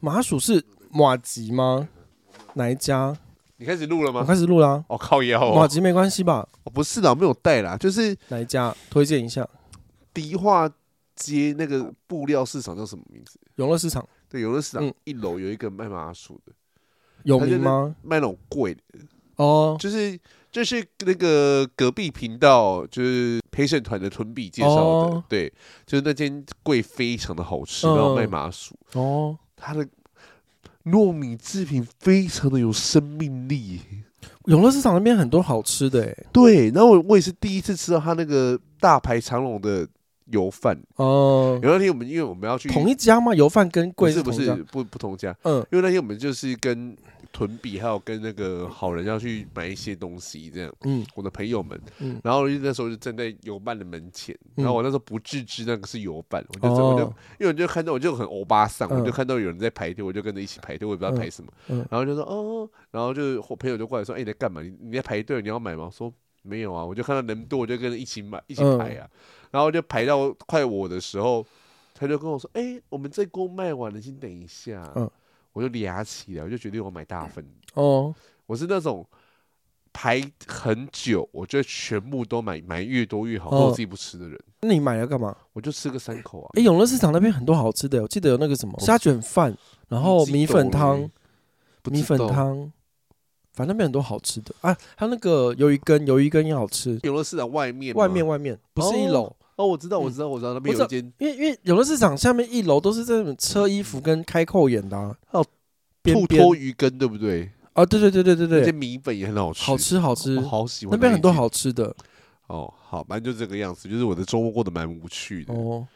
麻薯是麻吉嗎？哪一家？你開始錄了嗎？我開始錄啦、啊。哦靠腰、啊，也好。麻吉沒關係吧？哦，不是的，我沒有帶啦。就是哪一家？推薦一下。迪化街那個布料市場叫什麼名字？永樂市場。對，永樂市場、嗯、一樓有一個賣麻薯的，有名嗎？賣那種貴的哦。就是就是那個隔壁頻道就是陪審團的吞幣介紹的，哦、對，就是那間貴非常的好吃，嗯、然後賣麻薯哦。它的糯米製品非常的有生命力，欸，永樂市場那邊很多好吃的，欸。對，然後我我也是第一次吃到他那個大排長龍的油飯哦。有，嗯、那天我們因為我們要去同一家嗎？油飯跟貴。是不是不不同家？嗯，因為那天我們就是跟。囤筆，臀比，還有跟那個好人要去買一些東西，這樣。嗯、我的朋友們，嗯、然後那時候就站在游辦的門前，嗯、然後我那時候不自知那個是游辦，嗯、我就，就、哦、因為我就看到我就很歐巴桑，嗯、我就看到有人在排隊，我就跟着一起排隊，我也不知道排什麼。嗯嗯、然後就說，哦，然後就我朋友就過來說，哎，你在幹嘛？你你在排隊？你要買嗎？說沒有啊，我就看到人多，我就跟着一起買，一起排啊。嗯、然後就排到快我的時候，他就跟我說，哎，我們這鍋賣完了，先等一下。嗯我就咧牙旗了，我就決定我買大份。哦，我是那種排很久，我覺得全部都買，買越多越好，我、哦、自己不吃的人。那你買了幹嘛？我就吃個三口啊。哎、欸，永樂市場那邊很多好吃的，我記得有那個什麼蝦捲飯，然後米粉湯，欸、米粉湯，反正那邊很多好吃的。啊，還有那個魷魚羹，魷魚羹也好吃。永樂市場外面，外面，外面，不是一樓。哦哦，我知道，我知道，我知道，那邊有一間，因為因為永樂市場下面一樓都是這種車衣服跟開扣眼的，哦，土魠魚羹，對不對？啊，對對對對對對，米粉也很好吃，好吃好吃，我好喜歡，那邊很多好吃的。哦，好，反正就是這個樣子，就是我的周末過得蠻無趣的哦。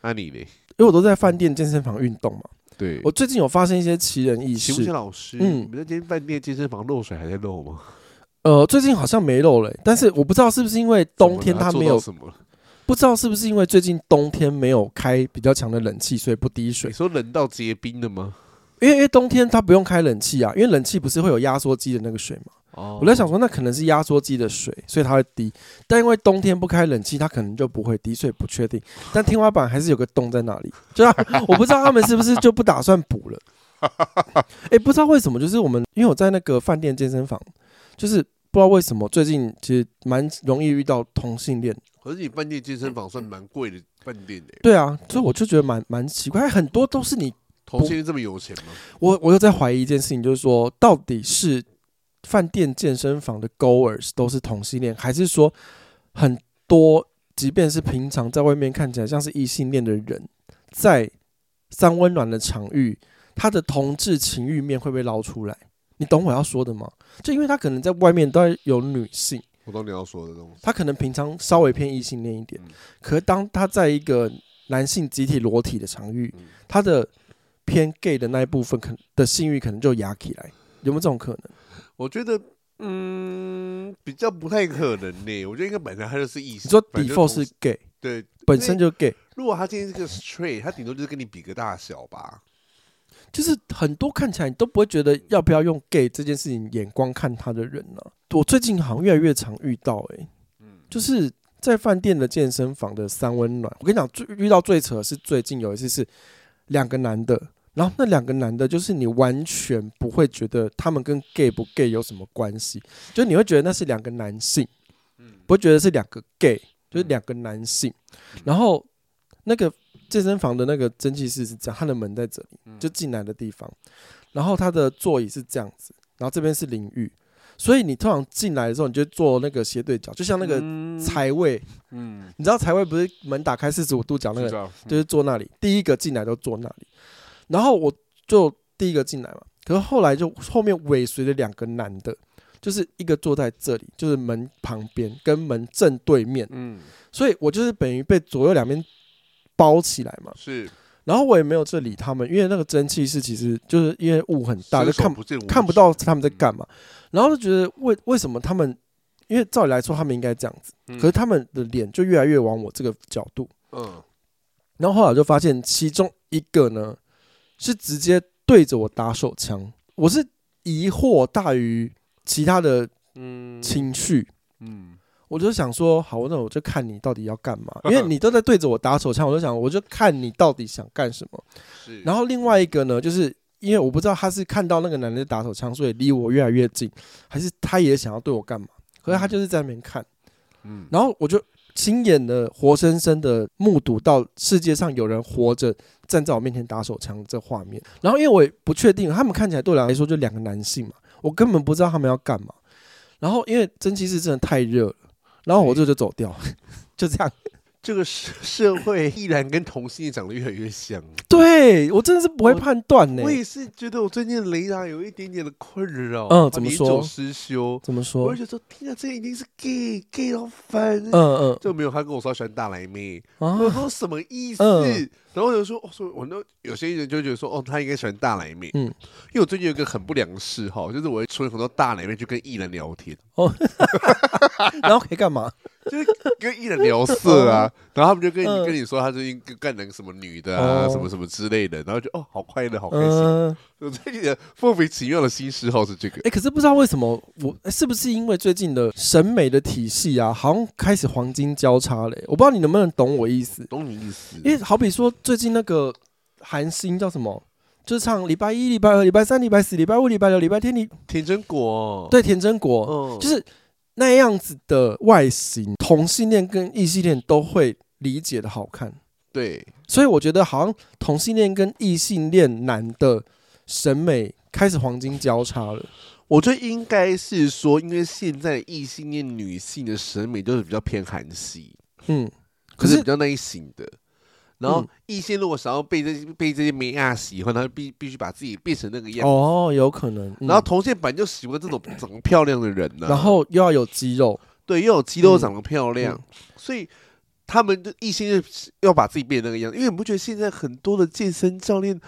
啊你咧？因為我都在飯店、健身房運動嘛。對，我最近有發現一些奇人異事。老師，嗯，你們那間飯店、健身房漏水還在漏嗎？呃，最近好像沒漏嘞，但是我不知道是不是因為冬天它沒有不知道是不是因為最近冬天沒有開比較強的冷氣，所以不滴水。你說冷到結冰了嗎？因為因為冬天它不用開冷氣啊，因為冷氣不是會有壓縮機的那個水嘛。哦，我在想說那可能是壓縮機的水，所以它會滴。但因為冬天不開冷氣，它可能就不會滴水，不確定。但天花板還是有個洞在那裡，就、啊、我不知道他們是不是就不打算補了。哎，不知道為什麼，就是我們因為我在那個飯店健身房，就是不知道為什麼最近其實蠻容易遇到同性戀。可是你飯店健身房算蠻貴的飯店的、欸、對啊，所以我就覺得蠻蠻奇怪，很多都是你同性戀這麼有錢嗎？我我又在懷疑一件事情，就是說到底是飯店健身房的 goers 都是同性戀，還是說很多即便是平常在外面看起來像是異性戀的人，在三溫暖的場域，他的同志情欲面會被撈出來？你懂我要說的嗎？就因為他可能在外面都有女性。我懂你要說的東西，他可能平常稍微偏異性戀一點，嗯、可是當他在一個男性集體裸體的場域，嗯、他的偏 gay 的那一部分可，可的性欲可能就壓起來，有沒有這種可能？我覺得，嗯，比較不太可能呢。我覺得應該本來他就是異性，你說 default 是，是 gay，對，本身就 gay。如果他今天是個 straight，他頂多就是跟你比個大小吧。就是很多看起來你都不會覺得要不要用 gay 這件事情眼光看他的人呢、啊，我最近好像越來越常遇到哎、欸，就是在飯店的健身房的三溫暖，我跟你講最遇到最扯的是最近有一次是兩個男的，然後那兩個男的就是你完全不會覺得他們跟 gay 不 gay 有什麼關係，就你會覺得那是兩個男性，嗯，不會覺得是兩個 gay 就是兩個男性，然後那個。健身房的那個蒸汽室是這樣，它的門在這裡，就進來的地方。然後它的座椅是這樣子，然後這邊是淋浴，所以你通常進來的時候，你就坐那個斜對角，就像那個財位嗯。嗯，你知道財位不是門打開四十五度角那個，是啊嗯、就是坐那裡，第一個進來都坐那裡。然後我就第一個進來嘛，可是後來就後面尾隨着兩個男的，就是一個坐在這裡，就是門旁邊跟門正對面。嗯，所以我就是等於被左右兩邊。包起來嘛，是，然後我也沒有去理他們，因為那個蒸汽是，其實就是因為霧很大，見就看不看不到他們在幹嘛。嗯，然後就覺得為為什麼他們，因為照理來說他們應該這樣子，嗯，可是他們的臉就越來越往我這個角度，嗯。然後後來就發現其中一個呢，是直接對着我打手槍。我是疑惑大於其他的情緒，嗯。嗯我就想說，好，那我就看你到底要幹嘛，因為你都在對着我打手槍，我就想，我就看你到底想幹什麼。然後另外一個呢，就是因為我不知道他是看到那個男的打手槍，所以離我越來越近，還是他也想要對我幹嘛？可是他就是在那邊看。嗯。然後我就親眼的、活生生的目睹到世界上有人活着站在我面前打手槍這畫面。然後因為我也不確定他們看起來對我來說就兩個男性嘛，我根本不知道他們要幹嘛。然後因為蒸汽室真的太熱了。然後我就就走掉，對 就這樣。這個社社會，藝人跟同性也長得越來越像。對，我真的是不會判斷呢、欸呃。我也是覺得我最近的雷達有一點點的困擾。嗯、呃，怎麼說？年久失修，怎麼說？我就說，天啊，這一定是 gay gay 到翻。嗯嗯、呃，就沒有，他跟我說他喜歡大奶妹。啊、呃，我說什麼意思？呃、然後我就說，說、哦、我都有些藝人就覺得說，哦，他應該喜歡大奶妹。嗯，因為我最近有一個很不良嗜好，就是我會抽很多大奶妹，就跟藝人聊天。哦， 然後可以幹嘛？ 就是跟藝人聊色啊， 然後他們就跟、嗯、跟你說他最近跟幹了什麼女的啊，哦，什麼什麼之類的，然後就哦，好快樂，好開心。我最近的莫名其妙的新嗜好是這個。哎，欸，可是不知道為什麼，我是不是因為最近的審美的體系啊，好像開始黃金交叉了，欸。我不知道你能不能懂我意思。懂你意思。因為好比說最近那個韓星叫什麼，就是唱禮拜一、禮拜二、禮拜三、禮拜四、禮拜五、禮拜六、禮拜天你田真果。對，田真果，嗯，就是。那樣子的外形，同性戀跟異性戀都會理解的好看，對，所以我覺得好像同性戀跟異性戀男的審美開始黃金交叉了。我覺得應該是說，因為現在的異性戀女性的審美都是比較偏韓系，嗯，可是,可是比較內型的。然後異性如果想要被這些被這些美亞喜歡，他就必必須把自己變成那個樣子。哦，有可能。嗯、然後同性本來就喜歡這種長得漂亮的人呢、啊。然後又要有肌肉，對，又有肌肉，長得漂亮，嗯嗯、所以他們就異性要把自己變成那個樣子。因為你不覺得現在很多的健身教練、啊，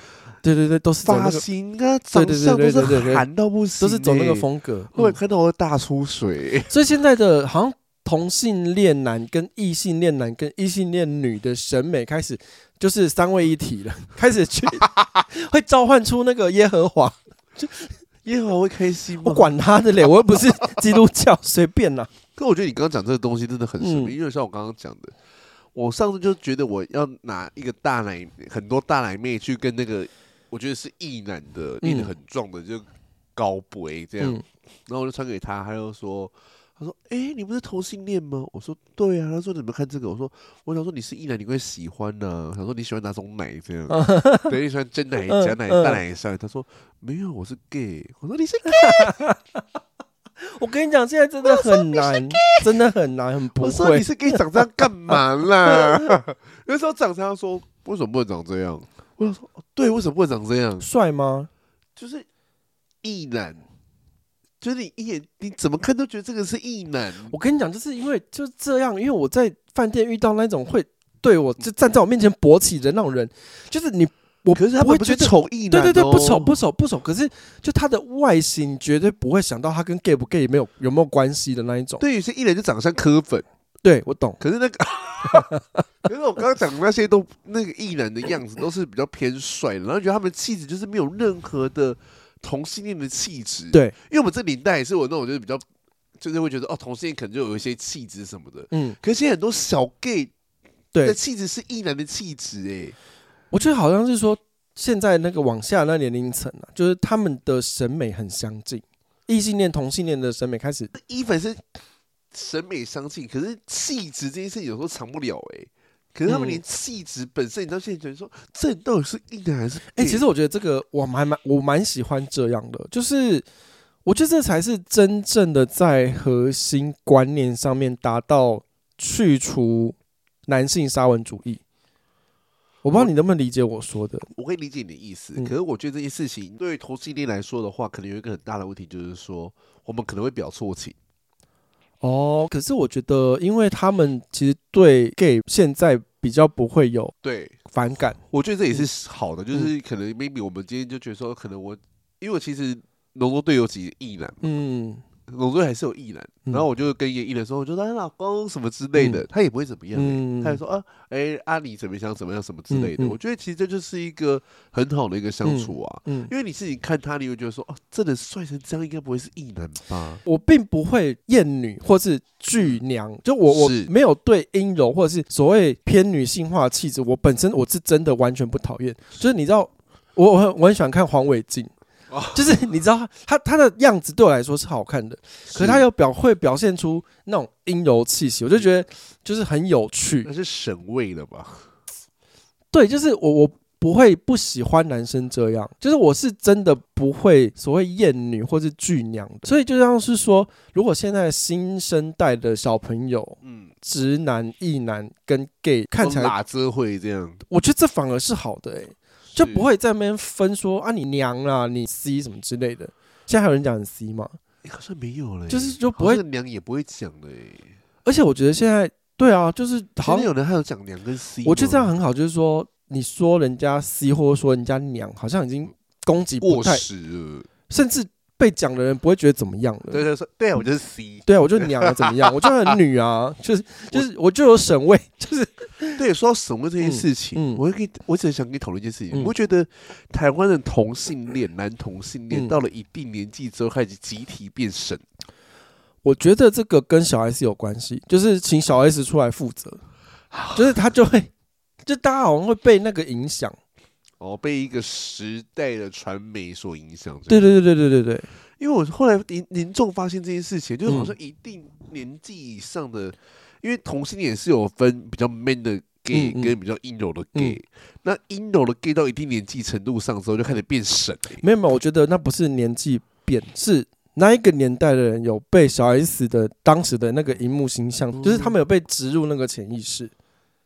對對對，都是髮型、那個，啊，看長相都是韓到不行，都是走那個風格，會看到大出水。所以現在的好像，同性戀男跟異性戀男跟異性戀女的審美開始就是三位一體了，開始去 會召喚出那個耶和華，就 耶和華會開心嗎？我管他的嘞，我又不是基督教，隨便啦。可我覺得你剛剛講這個東西真的很神秘，因為像我剛剛講的，我上次就覺得我要拿一個大奶，很多大奶妹去跟那個我覺得是異男的，練得很壯的，就高背這樣，然後我就傳給他，他，他就說。他說：“哎、欸，你不是同性戀嗎？”我說：“對啊。”他說：“你怎麼看這個？”我說：“我想說你是異男，你會喜歡的、啊。他說你喜歡哪種奶這樣？嗯、對，你喜歡真奶、假、嗯嗯、奶、淡奶、嗯、他說：“沒有，我是 gay。”我說：“你是 gay。”我跟你講，現在真的很難，真的很難，很不會。我說你是 gay 長這樣幹嘛啦？嗯嗯、有時候長這樣，說為什麼不能長這樣？我想說：“對，為什麼不能長這樣？帥嗎？”就是異男。就是你一眼你怎麼看都覺得這個是異男。我跟你講，就是因為就這樣，因為我在飯店遇到那種會對我就站在我面前勃起的那種人，就是你，我可是他是會覺得醜異男，對對對，不醜不醜不醜。哦，可是就他的外形，絕對不會想到他跟 gay 不 gay 沒有有沒有關係的那一種。對，有些藝人就長得像柯粉。對，我懂。可是那個， 可是我剛剛講的那些都那個異男的樣子都是比較偏帥，然後覺得他們氣質就是沒有任何的。同性戀的氣質，對，因為我們這年代也是我那種就是比較，就是會覺得哦，同性戀可能就有一些氣質什麼的，嗯，可是現在很多小 gay，欸、對，氣質是異男的氣質哎，我覺得好像是說現在那個往下那年齡層啊，就是他們的審美很相近，異性戀同性戀的審美開始，一粉是審美相近，可是氣質這件事情有時候藏不了哎、欸。可是他們連氣質本身，你知道現在覺得說這到底是硬的還是、嗯？哎、欸，其實我覺得這個我蠻蠻我蠻喜歡這樣的，就是我覺得這才是真正的在核心觀念上面達到去除男性沙文主義。我不知道你能不能理解我說的，我，我可以理解你的意思。可是我覺得這些事情對於同性戀來說的話，嗯、可能有一個很大的問題，就是說我們可能會表錯情。哦，可是我覺得，因為他們其實對 gay 現在。比較不會有對反感對，我覺得這也是好的，嗯、就是可能 maybe、嗯、我們今天就覺得說，可能我，因為其實龍工隊有幾億呢，嗯。我覺得還是有異男然後我就跟一個異男說，我就說，哎，老公什麼之類的，他也不會怎麼樣、欸，他就說，啊，哎，阿裡怎麼樣怎麼樣什麼之類的。我覺得其實這就是一個很好的一個相處啊，嗯，因為你自己看他，你會覺得說，哦，真的帥成這樣，應該不會是異男吧？我並不會厭女或是巨娘，就我我沒有對陰柔或者是所謂偏女性化氣質，我本身我是真的完全不討厭。就是你知道，我很我很喜歡看黃偉晉。就是你知道他，他他的樣子對我來說是好看的，可是他又表會表現出那種陰柔氣息，我就覺得就是很有趣。那是審美的吧？對，就是我我不會不喜歡男生這樣，就是我是真的不會所謂厭女或是巨娘，所以就像是說，如果現在新生代的小朋友，嗯，直男、異男跟 gay 看起來打支會這樣？我覺得這反而是好的、欸。就不會在那邊分說啊，你娘啦，你 C 什麼之類的。現在還有人講你 C 嗎？你好像沒有了，就是就不會娘也不會講的。而且我覺得現在對啊，就是好像有人還有講娘跟 C，我覺得這樣很好，就是說你說人家 C 或者說人家娘，好像已經攻擊過，太，甚至。被講的人不會覺得怎麼樣了。對對對，我就是 C，對啊，我就娘啊，怎麼樣？ 我就很女啊，就是我就是，我就有嬸味。就是對，說到嬸味這件事情，嗯嗯、我就可以，我只是想跟你討論一件事情，嗯、我覺得台灣的同性戀，男同性戀、嗯、到了一定年紀之後開始集體變嬸。我覺得這個跟小 S 有關係，就是請小 S 出來負責，就是他就會， 就大家好像會被那個影響。哦，被一個時代的傳媒所影響。對對對對對對對,對，因為我後來冥冥中發現這件事情，就是好像一定年紀以上的，嗯、因為同性戀是有分比較 man 的 gay、嗯嗯、跟比較陰柔的 gay。嗯嗯、那陰柔的 gay 到一定年紀程度上之後，就開始變神、欸。沒有沒有，我覺得那不是年紀變，是那一個年代的人有被小 S 的當時的那個熒幕形象，就是他們有被植入那個潛意識。嗯、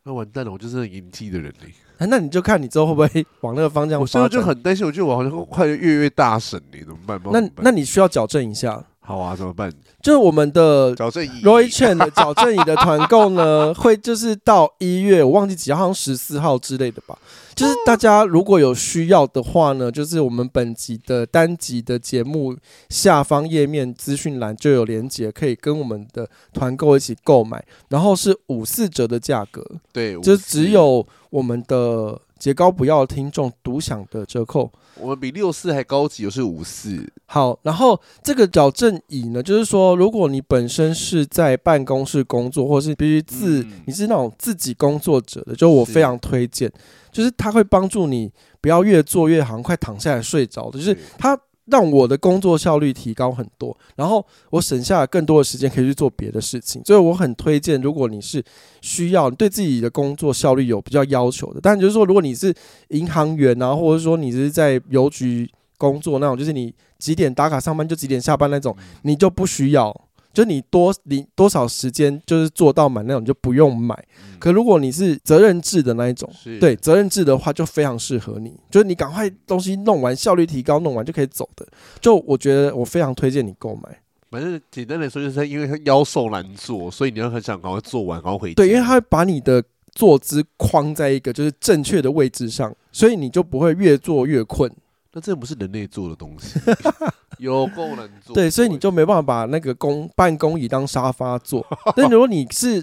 那完蛋了，我就是那年紀的人、欸哎、啊，那你就看你之後會不會往那個方向發展。我現在就很擔心，我覺得我好像快越越大聲，你怎麼辦？那辦那你需要矯正一下。好啊，怎麼辦？就是我們的 Roichen 的矯正儀的團購呢，會就是到一月，我忘記幾號，好像十四號之類的吧。就是大家如果有需要的話呢，就是我們本集的單集的節目下方頁面資訊欄就有連接，可以跟我們的團購一起購買，然後是五四折的價格。對，就只有我們的傑高不要聽眾獨享的折扣。我們比六四還高級，又是五四。好，然後這個矯正椅呢，就是說，如果你本身是在辦公室工作，或是必須自，嗯、你是那種自己工作者的，就我非常推薦，是，就是它會幫助你不要越坐越好像快躺下來睡着的，就是它。讓我的工作效率提高很多，然後我省下了更多的時間可以去做別的事情，所以我很推薦。如果你是需要對自己的工作效率有比較要求的，但就是說，如果你是銀行員啊，或者說你是在郵局工作那種，就是你幾點打卡上班就幾點下班那種，你就不需要。就你多你多少時間就是做到滿量，你就不用買，嗯、可如果你是責任制的那一種，是對責任制的話就非常適合你，就是你趕快東西弄完，效率提高弄完就可以走的。就我覺得我非常推薦你購買。反正簡單來說就是，因為他夭壽難坐，所以你要很想趕快做完，然後回去。對，因為他會把你的坐姿框在一個就是正確的位置上，所以你就不會越坐越困。那這不是人類做的東西。 有功能做， 對，所以你就沒辦法把那個公辦公椅當沙發坐。那 如果你是，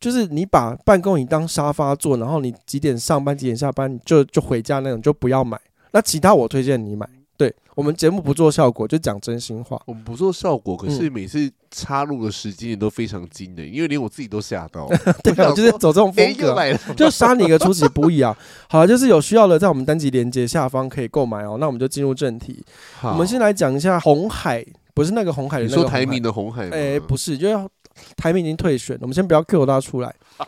就是你把辦公椅當沙發坐，然後你幾點上班幾點下班你就就回家那種，就不要買。那其他我推薦你買。對我們節目不做效果，就講真心話。我們不做效果，可是每次插入的時間也都非常精的，嗯、因為連我自己都嚇到。 對、啊，我我就是走這種風格，欸、就殺你一個出其不意啊！ 好，就是有需要的，在我們單集連結下方可以購買哦。那我們就進入正題。好我們先來講一下紅海，不是那個紅海的那個。你說台銘的紅海嗎？哎、欸，不是，就要台銘已經退選，我們先不要 Q 他出來。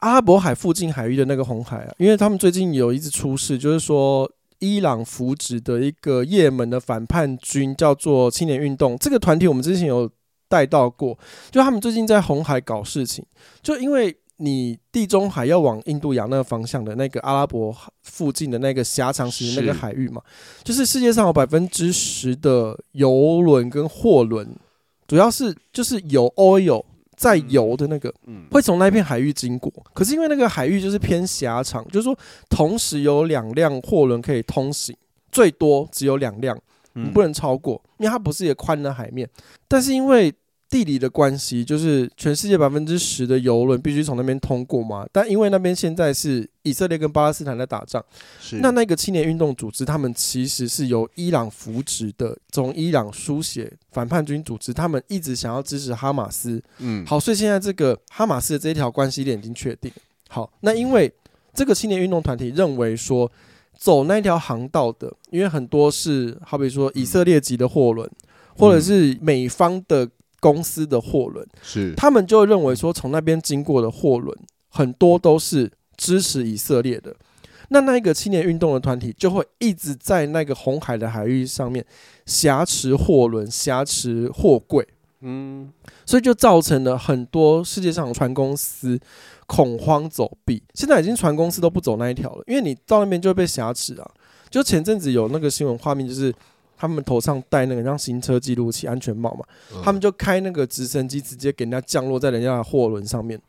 阿拉伯海附近海域的那個紅海啊，因為他們最近有一次出事，就是說。伊朗扶植的一個也門的反叛軍叫做青年運動，這個團體我們之前有帶到過，就他們最近在紅海搞事情，就因為你地中海要往印度洋那個方向的那個阿拉伯附近的那個狹長型那個海域嘛，是就是世界上有百分之十的油輪跟貨輪，主要是就是有 oil。在遊的那個，嗯，會從那片海域經過。可是因為那個海域就是偏狹長，就是說，同時有兩輛貨輪可以通行，最多只有兩輛，不能超過，因為它不是一個寬的海面。但是因為地理的關係，就是全世界百分之十的油輪必須從那邊通過嘛，但因為那邊現在是以色列跟巴勒斯坦在打仗，是那那個青年運動組織，他們其實是由伊朗扶植的，從伊朗書寫反叛軍組織，他們一直想要支持哈馬斯，嗯，好，所以現在這個哈馬斯的這一條關係鏈已經確定，好，那因為這個青年運動團體認為說走那一條航道的，因為很多是好比說以色列籍的貨輪，嗯、或者是美方的。公司的貨輪是，他們就會認為說，從那邊經過的貨輪很多都是支持以色列的，那那一個青年運動的團體就會一直在那個紅海的海域上面挾持貨輪，挾持貨櫃，嗯，所以就造成了很多世界上的船公司恐慌走避，現在已經船公司都不走那一條了，因為你到那邊就會被挾持啊。就前陣子有那個新聞畫面，就是。他們頭上戴那個像行車記錄器安全帽嘛，嗯、他們就開那個直升機直接給人家降落在人家的貨輪上面，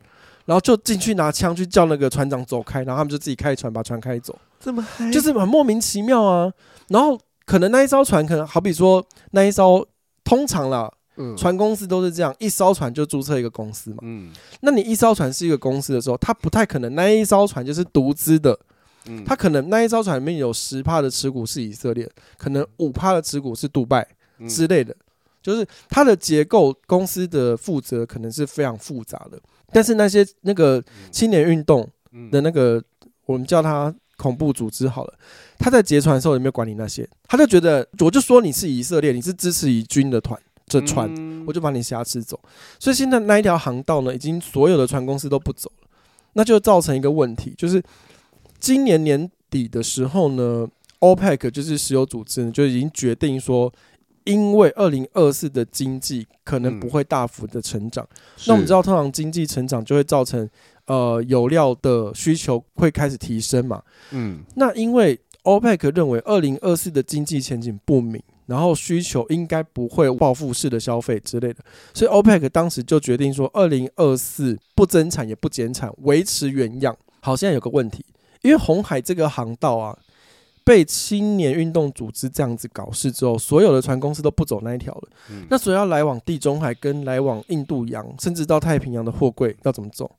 然後就進去拿槍去叫那個船長走開，然後他們就自己開船把船開走。這麼嗨，就是很莫名其妙啊。然後可能那一艘船可能好比說那一艘，通常啦，嗯、船公司都是這樣一艘船就註冊一個公司嘛，嗯、那你一艘船是一個公司的時候，它不太可能那一艘船就是獨資的。他可能那一艘船裡面有十趴的持股是以色列，可能五趴的持股是杜拜之類的，就是它的結構公司的負責可能是非常複雜的。但是那些那個青年運動的那個，嗯、我們叫他恐怖組織好了，他在劫船的時候有沒有管理那些？他就覺得我就說你是以色列，你是支持以軍的團這船，嗯、我就把你挾持走。所以現在那一條航道呢，已經所有的船公司都不走了，那就造成一個問題，就是。今年年底的時候呢，OPEC 就是石油組織，就已經決定說，因為二零二四的經濟可能不會大幅的成長，嗯、那我們知道通常經濟成長就會造成呃油料的需求會開始提升嘛，嗯，那因為 OPEC 認為二零二四的經濟前景不明，然後需求應該不會報復式的消費之類的，所以 OPEC 當時就決定說，二零二四不增產也不減產，維持原樣。好，現在有個問題。因為紅海這個航道啊，被青年運動組織這樣子搞事之後，所有的船公司都不走那一條了。嗯。那所以要來往地中海跟來往印度洋，甚至到太平洋的貨櫃要怎麼走？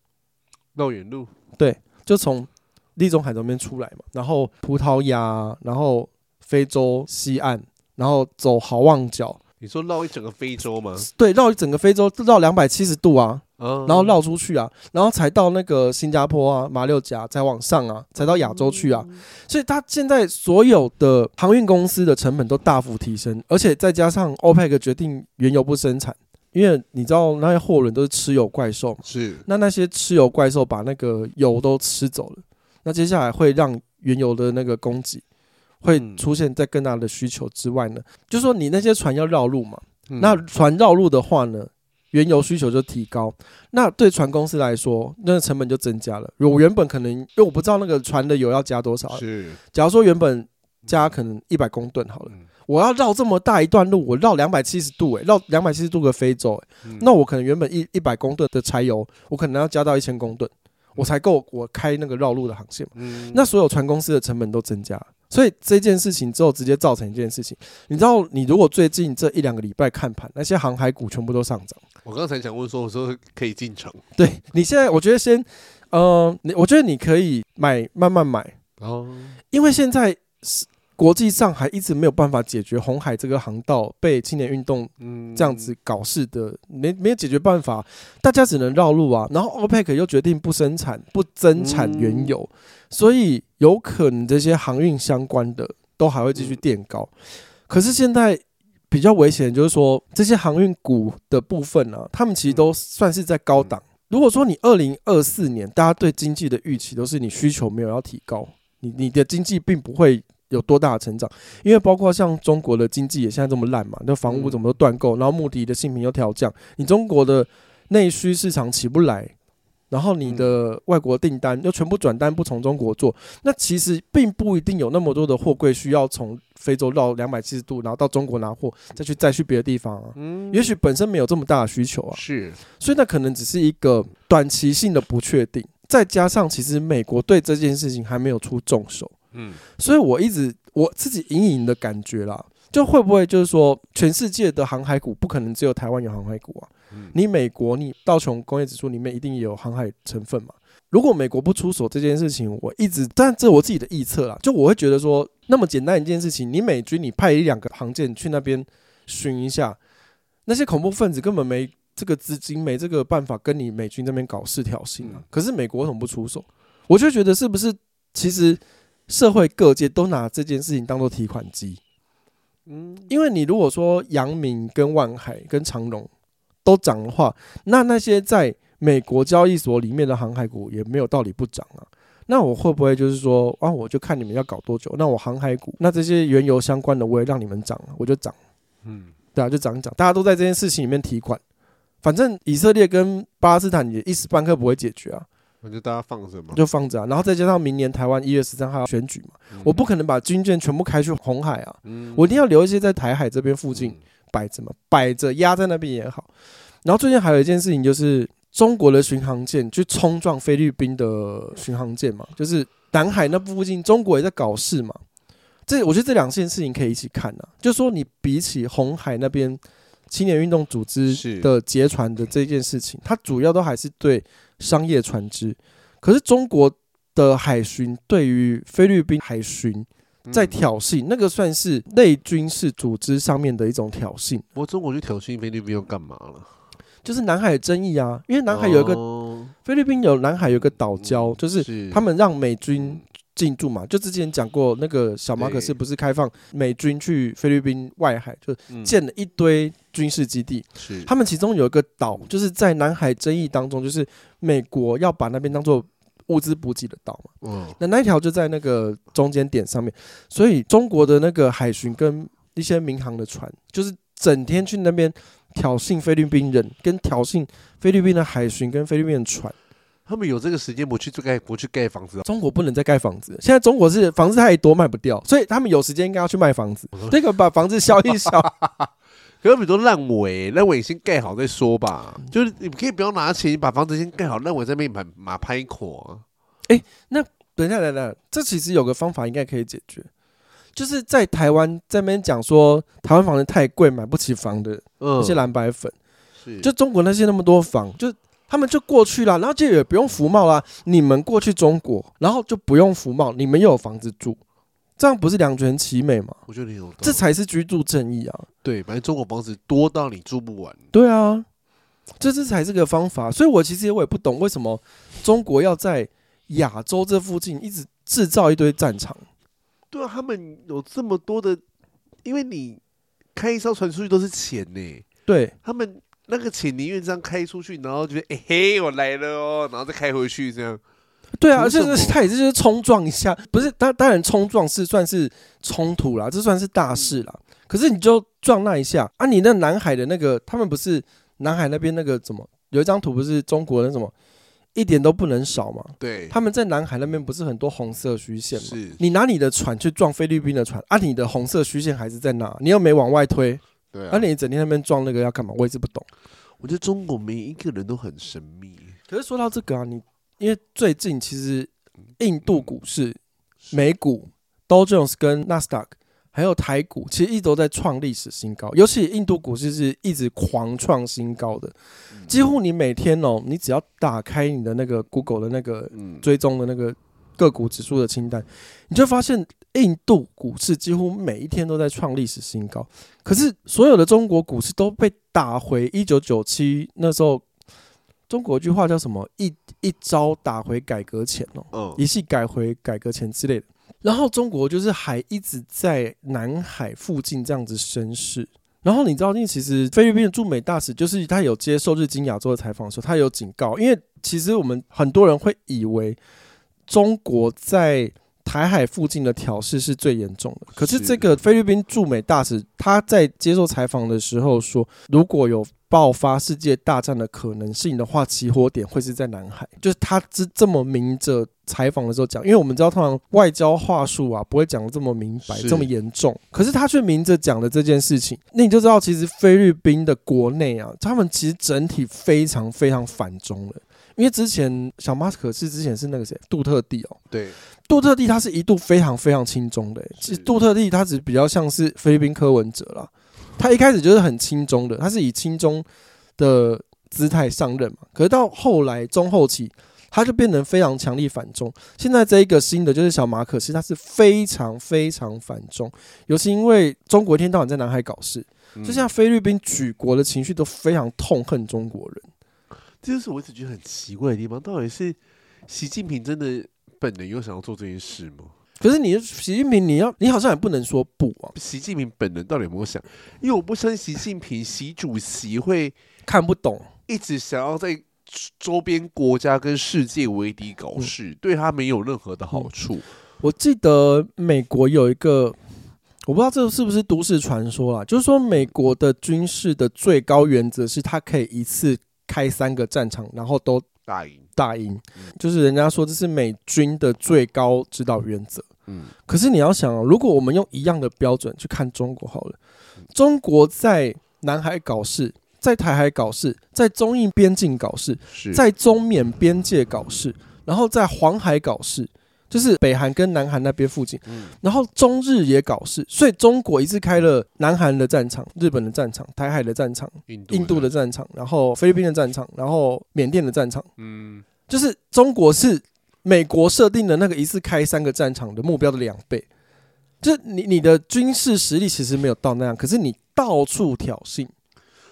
繞遠路。對，就從地中海那邊出來嘛，然後葡萄牙，然後非洲西岸，然後走好望角。你說繞一整個非洲嗎？對，繞一整個非洲，繞兩百七十度啊。然後繞出去啊，然後才到那個新加坡啊、馬六甲，再往上啊，才到亞洲去啊。嗯、所以，他現在所有的航運公司的成本都大幅提升，而且再加上歐佩克決定原油不生產，因為你知道那些貨輪都是吃油怪獸，是那那些吃油怪獸把那個油都吃走了，那接下來會讓原油的那個供給會出現在更大的需求之外呢？嗯、就說你那些船要繞路嘛，那船繞路的話呢？原油需求就提高，那對船公司來說，那個成本就增加了。如我原本可能，因為我不知道那個船的油要加多少。是，假如說原本加可能一百公噸好了，我要繞這麼大一段路，我繞兩百七十度誒、欸，繞兩百七十度的非洲、欸、那我可能原本一一百公噸的柴油，我可能要加到一千公噸，我才夠我開那個繞路的航線。那所有船公司的成本都增加了，所以這件事情之後直接造成一件事情，你知道，你如果最近這一兩個禮拜看盤，那些航海股全部都上漲。我剛才想問說，我說可以進城。對，你現在，我覺得先，呃你，我覺得你可以買，慢慢買。然後、哦、因為現在是國際上還一直沒有辦法解決紅海這個航道被青年運動這樣子搞事的，嗯、沒沒有解決辦法，大家只能繞路啊。然後 OPEC 又決定不生產、不增產原油，嗯、所以有可能這些航運相關的都還會繼續墊高。嗯、可是現在。比較危險就是說這些航運股的部分呢、啊，他們其實都算是在高檔。如果說你二零二四年大家對經濟的預期都是你需求沒有要提高，你你的經濟並不會有多大的成長，因為包括像中國的經濟也現在這麼爛嘛，那房屋怎麼都斷購，然後穆迪的信評又調降，你中國的內需市場起不來。然後你的外國訂單又全部轉單不從中國做，那其實並不一定有那麼多的貨櫃需要從非洲繞兩百七十度，然後到中國拿貨，再去再去別的地方啊。嗯，也許本身沒有這麼大的需求啊。是，所以那可能只是一個短期性的不確定，再加上其實美國對這件事情還沒有出重手。嗯，所以我一直我自己隱隱的感覺啦，就會不會就是說，全世界的航海股不可能只有台灣有航海股啊。你美國，你道瓊工業指數裡面一定有航海成分嘛。如果美國不出手這件事情，我一直但這我自己的預測啦，就我會覺得說，那麼簡單一件事情，你美軍你派一兩個航艦去那邊巡一下，那些恐怖分子根本沒這個資金，沒這個辦法跟你美軍那邊搞事挑釁啊。可是美國怎麼不出手？我就覺得是不是其實社會各界都拿這件事情當做提款機？嗯，因為你如果說陽明跟萬海跟長榮，都漲的話，那那些在美國交易所裡面的航海股也沒有道理不漲啊。那我會不會就是說啊，我就看你們要搞多久？那我航海股，那這些原油相關的，我也讓你們漲了啊，我就漲。嗯，對啊，就漲一漲。大家都在這件事情裡面提款，反正以色列跟巴勒斯坦也一時半刻不會解決啊。那就大家放着嘛，就放着啊。然後再加上明年台灣一月十三號要選舉嘛，嗯，我不可能把軍艦全部開去紅海啊。嗯，我一定要留一些在台海這邊附近。嗯擺着嘛，擺着壓在那邊也好。然後最近還有一件事情，就是中國的巡航艦去衝撞菲律賓的巡航艦嘛，就是南海那附近，中國也在搞事嘛。這我覺得這兩件事情可以一起看啊。就說你比起紅海那邊青年運動組織的截船的這件事情，是它主要都還是對商業船只。可是中國的海巡對於菲律賓海巡。在挑釁，那個算是類軍事組織上面的一種挑釁。不過中國去挑釁菲律賓要幹嘛了？就是南海爭議啊，因為南海有一個、哦、菲律賓有南海有個島礁，嗯、是就是他們讓美軍進駐嘛。就之前講過，那個小馬可仕不是開放美軍去菲律賓外海，就建了一堆軍事基地。是、嗯、他們其中有一個島，就是在南海爭議當中，就是美國要把那邊當做。物資補給的道嘛，嗯、那那一條就在那個中間點上面，所以中國的那個海巡跟一些民航的船，就是整天去那邊挑釁菲律賓人，跟挑釁菲律賓的海巡跟菲律賓的船，他們有這個時間不去蓋，不去蓋房子，哦、中國不能再蓋房子，現在中國是房子太多賣不掉，所以他們有時間應該要去賣房子，這個把房子銷一銷。 有比多爛尾，爛尾先蓋好再說吧。就是你可以不要拿錢，把房子先蓋好，爛尾這邊買馬拍款、啊。哎、欸，那等一下，來一這其實有個方法應該可以解決，就是在台灣這邊講說，台灣房子太貴，買不起房的那、呃、些藍白粉，是就中國那些那麼多房，就他們就過去了，然後就也不用服貿了。你們過去中國，然後就不用服貿，你們又有房子住，這樣不是兩全其美嗎？我覺得有這才是居住正義啊。對，反正中國房子多到你住不完。對啊，這、就是、這才是個方法。所以我其實我也不懂為什麼中國要在亞洲這附近一直制造一堆戰場。對啊，他們有這麼多的，因為你開一艘船出去都是錢呢、欸。對他們那個錢寧願這樣開出去，然後就覺得哎、欸、嘿，我來了哦，然後再開回去這樣。對啊，而且是是他也是就是衝撞一下，不是？當當然，衝撞是算是衝突啦，這算是大事啦。嗯可是你就撞那一下啊！你那南海的那個，他們不是南海那邊那個怎麼有一張圖不是中國的什麼一點都不能少嘛。對，他們在南海那邊不是很多紅色虛線嘛，是，你拿你的船去撞菲律賓的船啊！你的紅色虛線還是在哪？你又沒往外推，對、啊，而、啊、你整天在那邊撞那個要幹嘛？我也是不懂。我覺得中國每一個人都很神秘。可是說到這個啊，你因為最近其實印度股市、嗯、是美股、道瓊斯跟納斯達克。還有台股，其實一直都在創歷史新高。尤其印度股市是一直狂創新高的，幾乎你每天哦，你只要打開你的那個 Google 的那個追蹤的那個個股指數的清單，你就發現印度股市幾乎每一天都在創歷史新高。可是所有的中國股市都被打回一九九七那時候，中國有句話叫什麼？一一朝打回改革前哦，一氣改回改革前之類的。然後中國就是還一直在南海附近這樣子生事。然後你知道，那其實菲律賓的駐美大使就是他有接受日經亞洲的採訪的時候，他有警告。因為其實我們很多人會以為中國在台海附近的挑事是最嚴重的，可是這個菲律賓駐美大使他在接受採訪的時候說，如果有爆發世界大戰的可能性的話，起火點會是在南海。就是他這這麼明着。採訪的時候講，因為我們知道通常外交話術啊，不會講得這麼明白，是這麼嚴重。可是他卻明着講了這件事情，那你就知道其實菲律賓的國內啊，他們其實整體非常非常反中的。因為之前小馬可是之前是那個誰杜特地哦、喔，對，杜特地他是一度非常非常親中的、欸。是其實杜特地他只是比較像是菲律賓柯文哲啦，他一開始就是很親中的，他是以親中的姿態上任嘛。可是到後來中後期。他就變得非常強力反中。現在這一個新的就是小馬可仕，他是非常非常反中，尤其因為中國一天到晚在南海搞事，就像菲律賓舉國的情緒都非常痛恨中國人。這就是我一直覺得很奇怪的地方：到底是習近平真的本能有想要做這件事嗎？可是你習近平，你要你好像也不能說不啊。習近平本能到底有沒有想？因為我不相信習近平、習主席會看不懂，一直想要在。週邊國家跟世界為敵搞事，嗯、對他沒有任何的好處、嗯。我記得美國有一個，我不知道這是不是都市傳說啊，就是說美國的軍事的最高原則是，他可以一次開三個戰場，然後都打贏打贏，英就是人家說這是美軍的最高指導原則。嗯，可是你要想啊、哦，如果我們用一樣的標準去看中國好了，中國在南海搞事。在台海搞事，在中印邊境搞事，在中緬邊界搞事，然後在黃海搞事，就是北韓跟南韓那邊附近，然後中日也搞事，所以中國一次開了南韓的戰場、日本的戰場、台海的戰場、印度的戰場，然後菲律賓的戰場，然後緬甸的戰場，就是中國是美國設定的那個一次開三個戰場的目標的兩倍，就是你你的軍事實力其實沒有到那樣，可是你到處挑釁。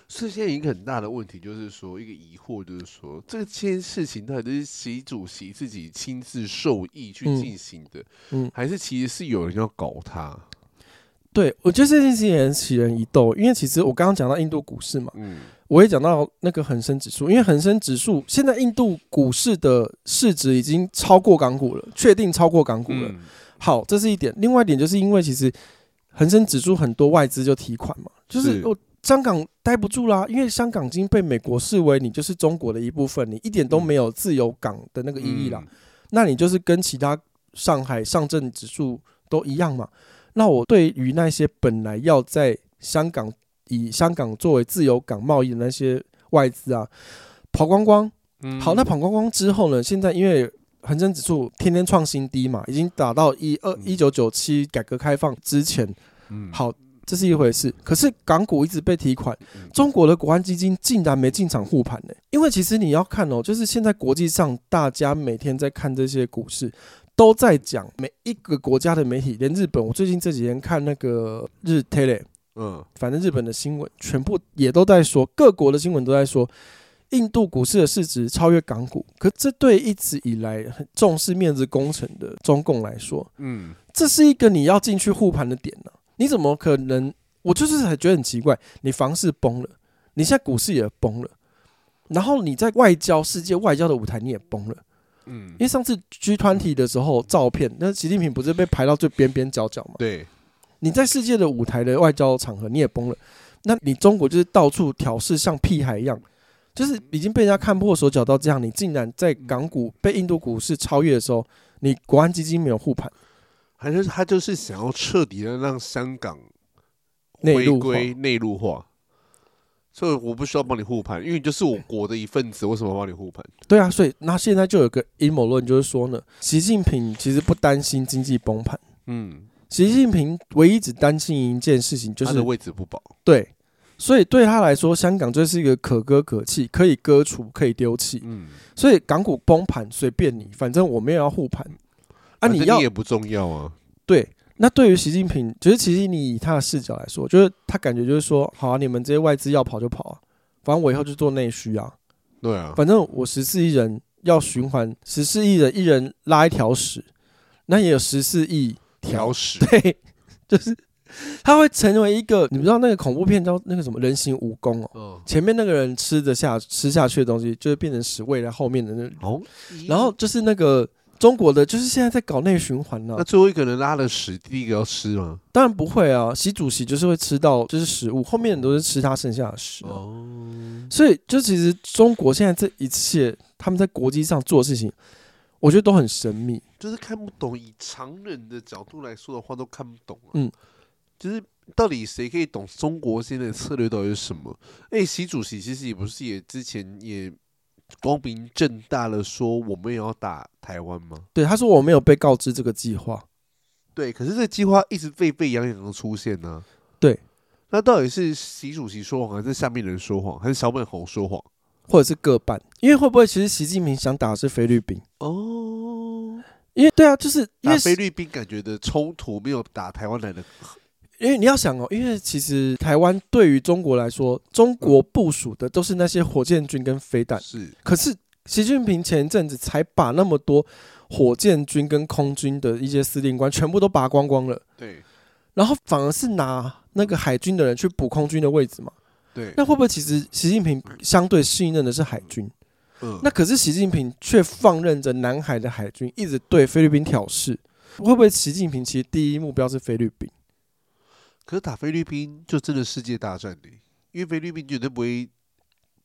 是現在一個很大的問題，就是說一個疑惑，就是說，這件事情，它都是習主席自己親自授意去進行的，嗯，還是其實是有人要搞他？嗯嗯、對，我覺得這件事情也很惹人疑竇，因為其實我剛剛講到印度股市嘛，嗯，我也講到那個恆生指數，因為恆生指數現在印度股市的市值已經超過港股了，確定超過港股了。嗯、好，這是一點，另外一點就是因為其實恆生指數很多外資就提款嘛，就是我。是香港待不住啦、啊，因為香港已經被美國視為你就是中國的一部分，你一點都沒有自由港的那個意義啦。嗯、那你就是跟其他上海上證指數都一樣嘛。那我對於那些本來要在香港以香港作為自由港貿易的那些外資啊，跑光光。嗯、好，那跑光光之後呢？現在因為恆生指數天天創新低嘛，已經達到一二一九九七改革開放之前。嗯，好。這是一回事，可是港股一直被提款，中國的國安基金竟然沒進場護盤呢？因為其實你要看哦、喔，就是現在國際上大家每天在看這些股市，都在講每一個國家的媒體，連日本，我最近這幾天看那個日 Telly 嗯，反正日本的新聞全部也都在說，各國的新聞都在說，印度股市的市值超越港股，可這對一直以來很重視面子工程的中共來說，嗯，這是一個你要進去護盤的點呢、啊。你怎麼可能？我就是還覺得很奇怪。你房市崩了，你現在股市也崩了，然後你在外交世界外交的舞台你也崩了，嗯，因為上次 G 團體的時候照片，那習近平不是被排到最邊邊角角嗎？對，你在世界的舞台的外交場合你也崩了。那你中國就是到處挑事，像屁孩一樣，就是已經被人家看破手腳到這樣，你竟然在港股被印度股市超越的時候，你國安基金沒有護盤。反正他就是想要徹底的讓香港回歸內陸化，所以我不需要幫你護盤，因為就是我國的一份子，為什麼幫你護盤？對啊，所以那現在就有個陰謀論，就是說呢，習近平其實不擔心經濟崩盤，嗯，習近平唯一只擔心一件事情，就是位置不保，對，所以對他來說，香港就是一個可割可棄，可以割除、可以丟棄，嗯，所以港股崩盤隨便你，反正我沒有要護盤。啊，你要也不重要啊。對，那對於習近平，就是其實你以他的視角來說，就是他感覺就是說，好啊，你們這些外資要跑就跑啊，反正我以後就做內需啊。對啊，反正我十四億人要循環，十四億人一人拉一條屎，那也有十四億條屎。對，就是他會成為一個，你不知道那個恐怖片叫那個什麼人形蜈蚣哦、喔，前面那個人吃得下吃下去的東西，就會變成屎餵在後面的那哦，然後就是那個。中國的就是現在在搞內循環了。那最後一個人拉了屎，第一個要吃嗎？當然不會啊！習主席就是會吃到，就是食物，後面人都是吃他剩下的食物啊。所以就其實中國現在這一切，他們在國際上做的事情，我覺得都很神秘，就是看不懂。以常人的角度來說的話，都看不懂。嗯，就是到底誰可以懂中國現在的策略到底是什麼？哎，習主席其實也不是也之前也。光明正大的說，我們也要打台灣嗎？對，他說我沒有被告知這個計劃。對，可是這個計劃一直沸沸揚揚的出現呢、啊。對，那到底是習主席說謊，還是下面的人說謊，還是小粉紅說謊，或者是各半？因為會不會其實習近平想打的是菲律賓？哦，因為對啊，就是因為是菲律賓感覺的衝突沒有打台灣來的。因為你要想哦，因為其實台灣對於中國來說，中國部署的都是那些火箭軍跟飛彈。是，可是習近平前一陣子才把那麼多火箭軍跟空軍的一些司令官全部都拔光光了。對。然後反而是拿那個海軍的人去補空軍的位置嘛。對。那會不會其實習近平相對信任的是海軍？嗯。那可是習近平卻放任着南海的海軍一直對菲律賓挑事。嗯。會不會習近平其實第一目標是菲律賓？可是打菲律賓就真的世界大戰嘞、欸，因為菲律賓絕對不會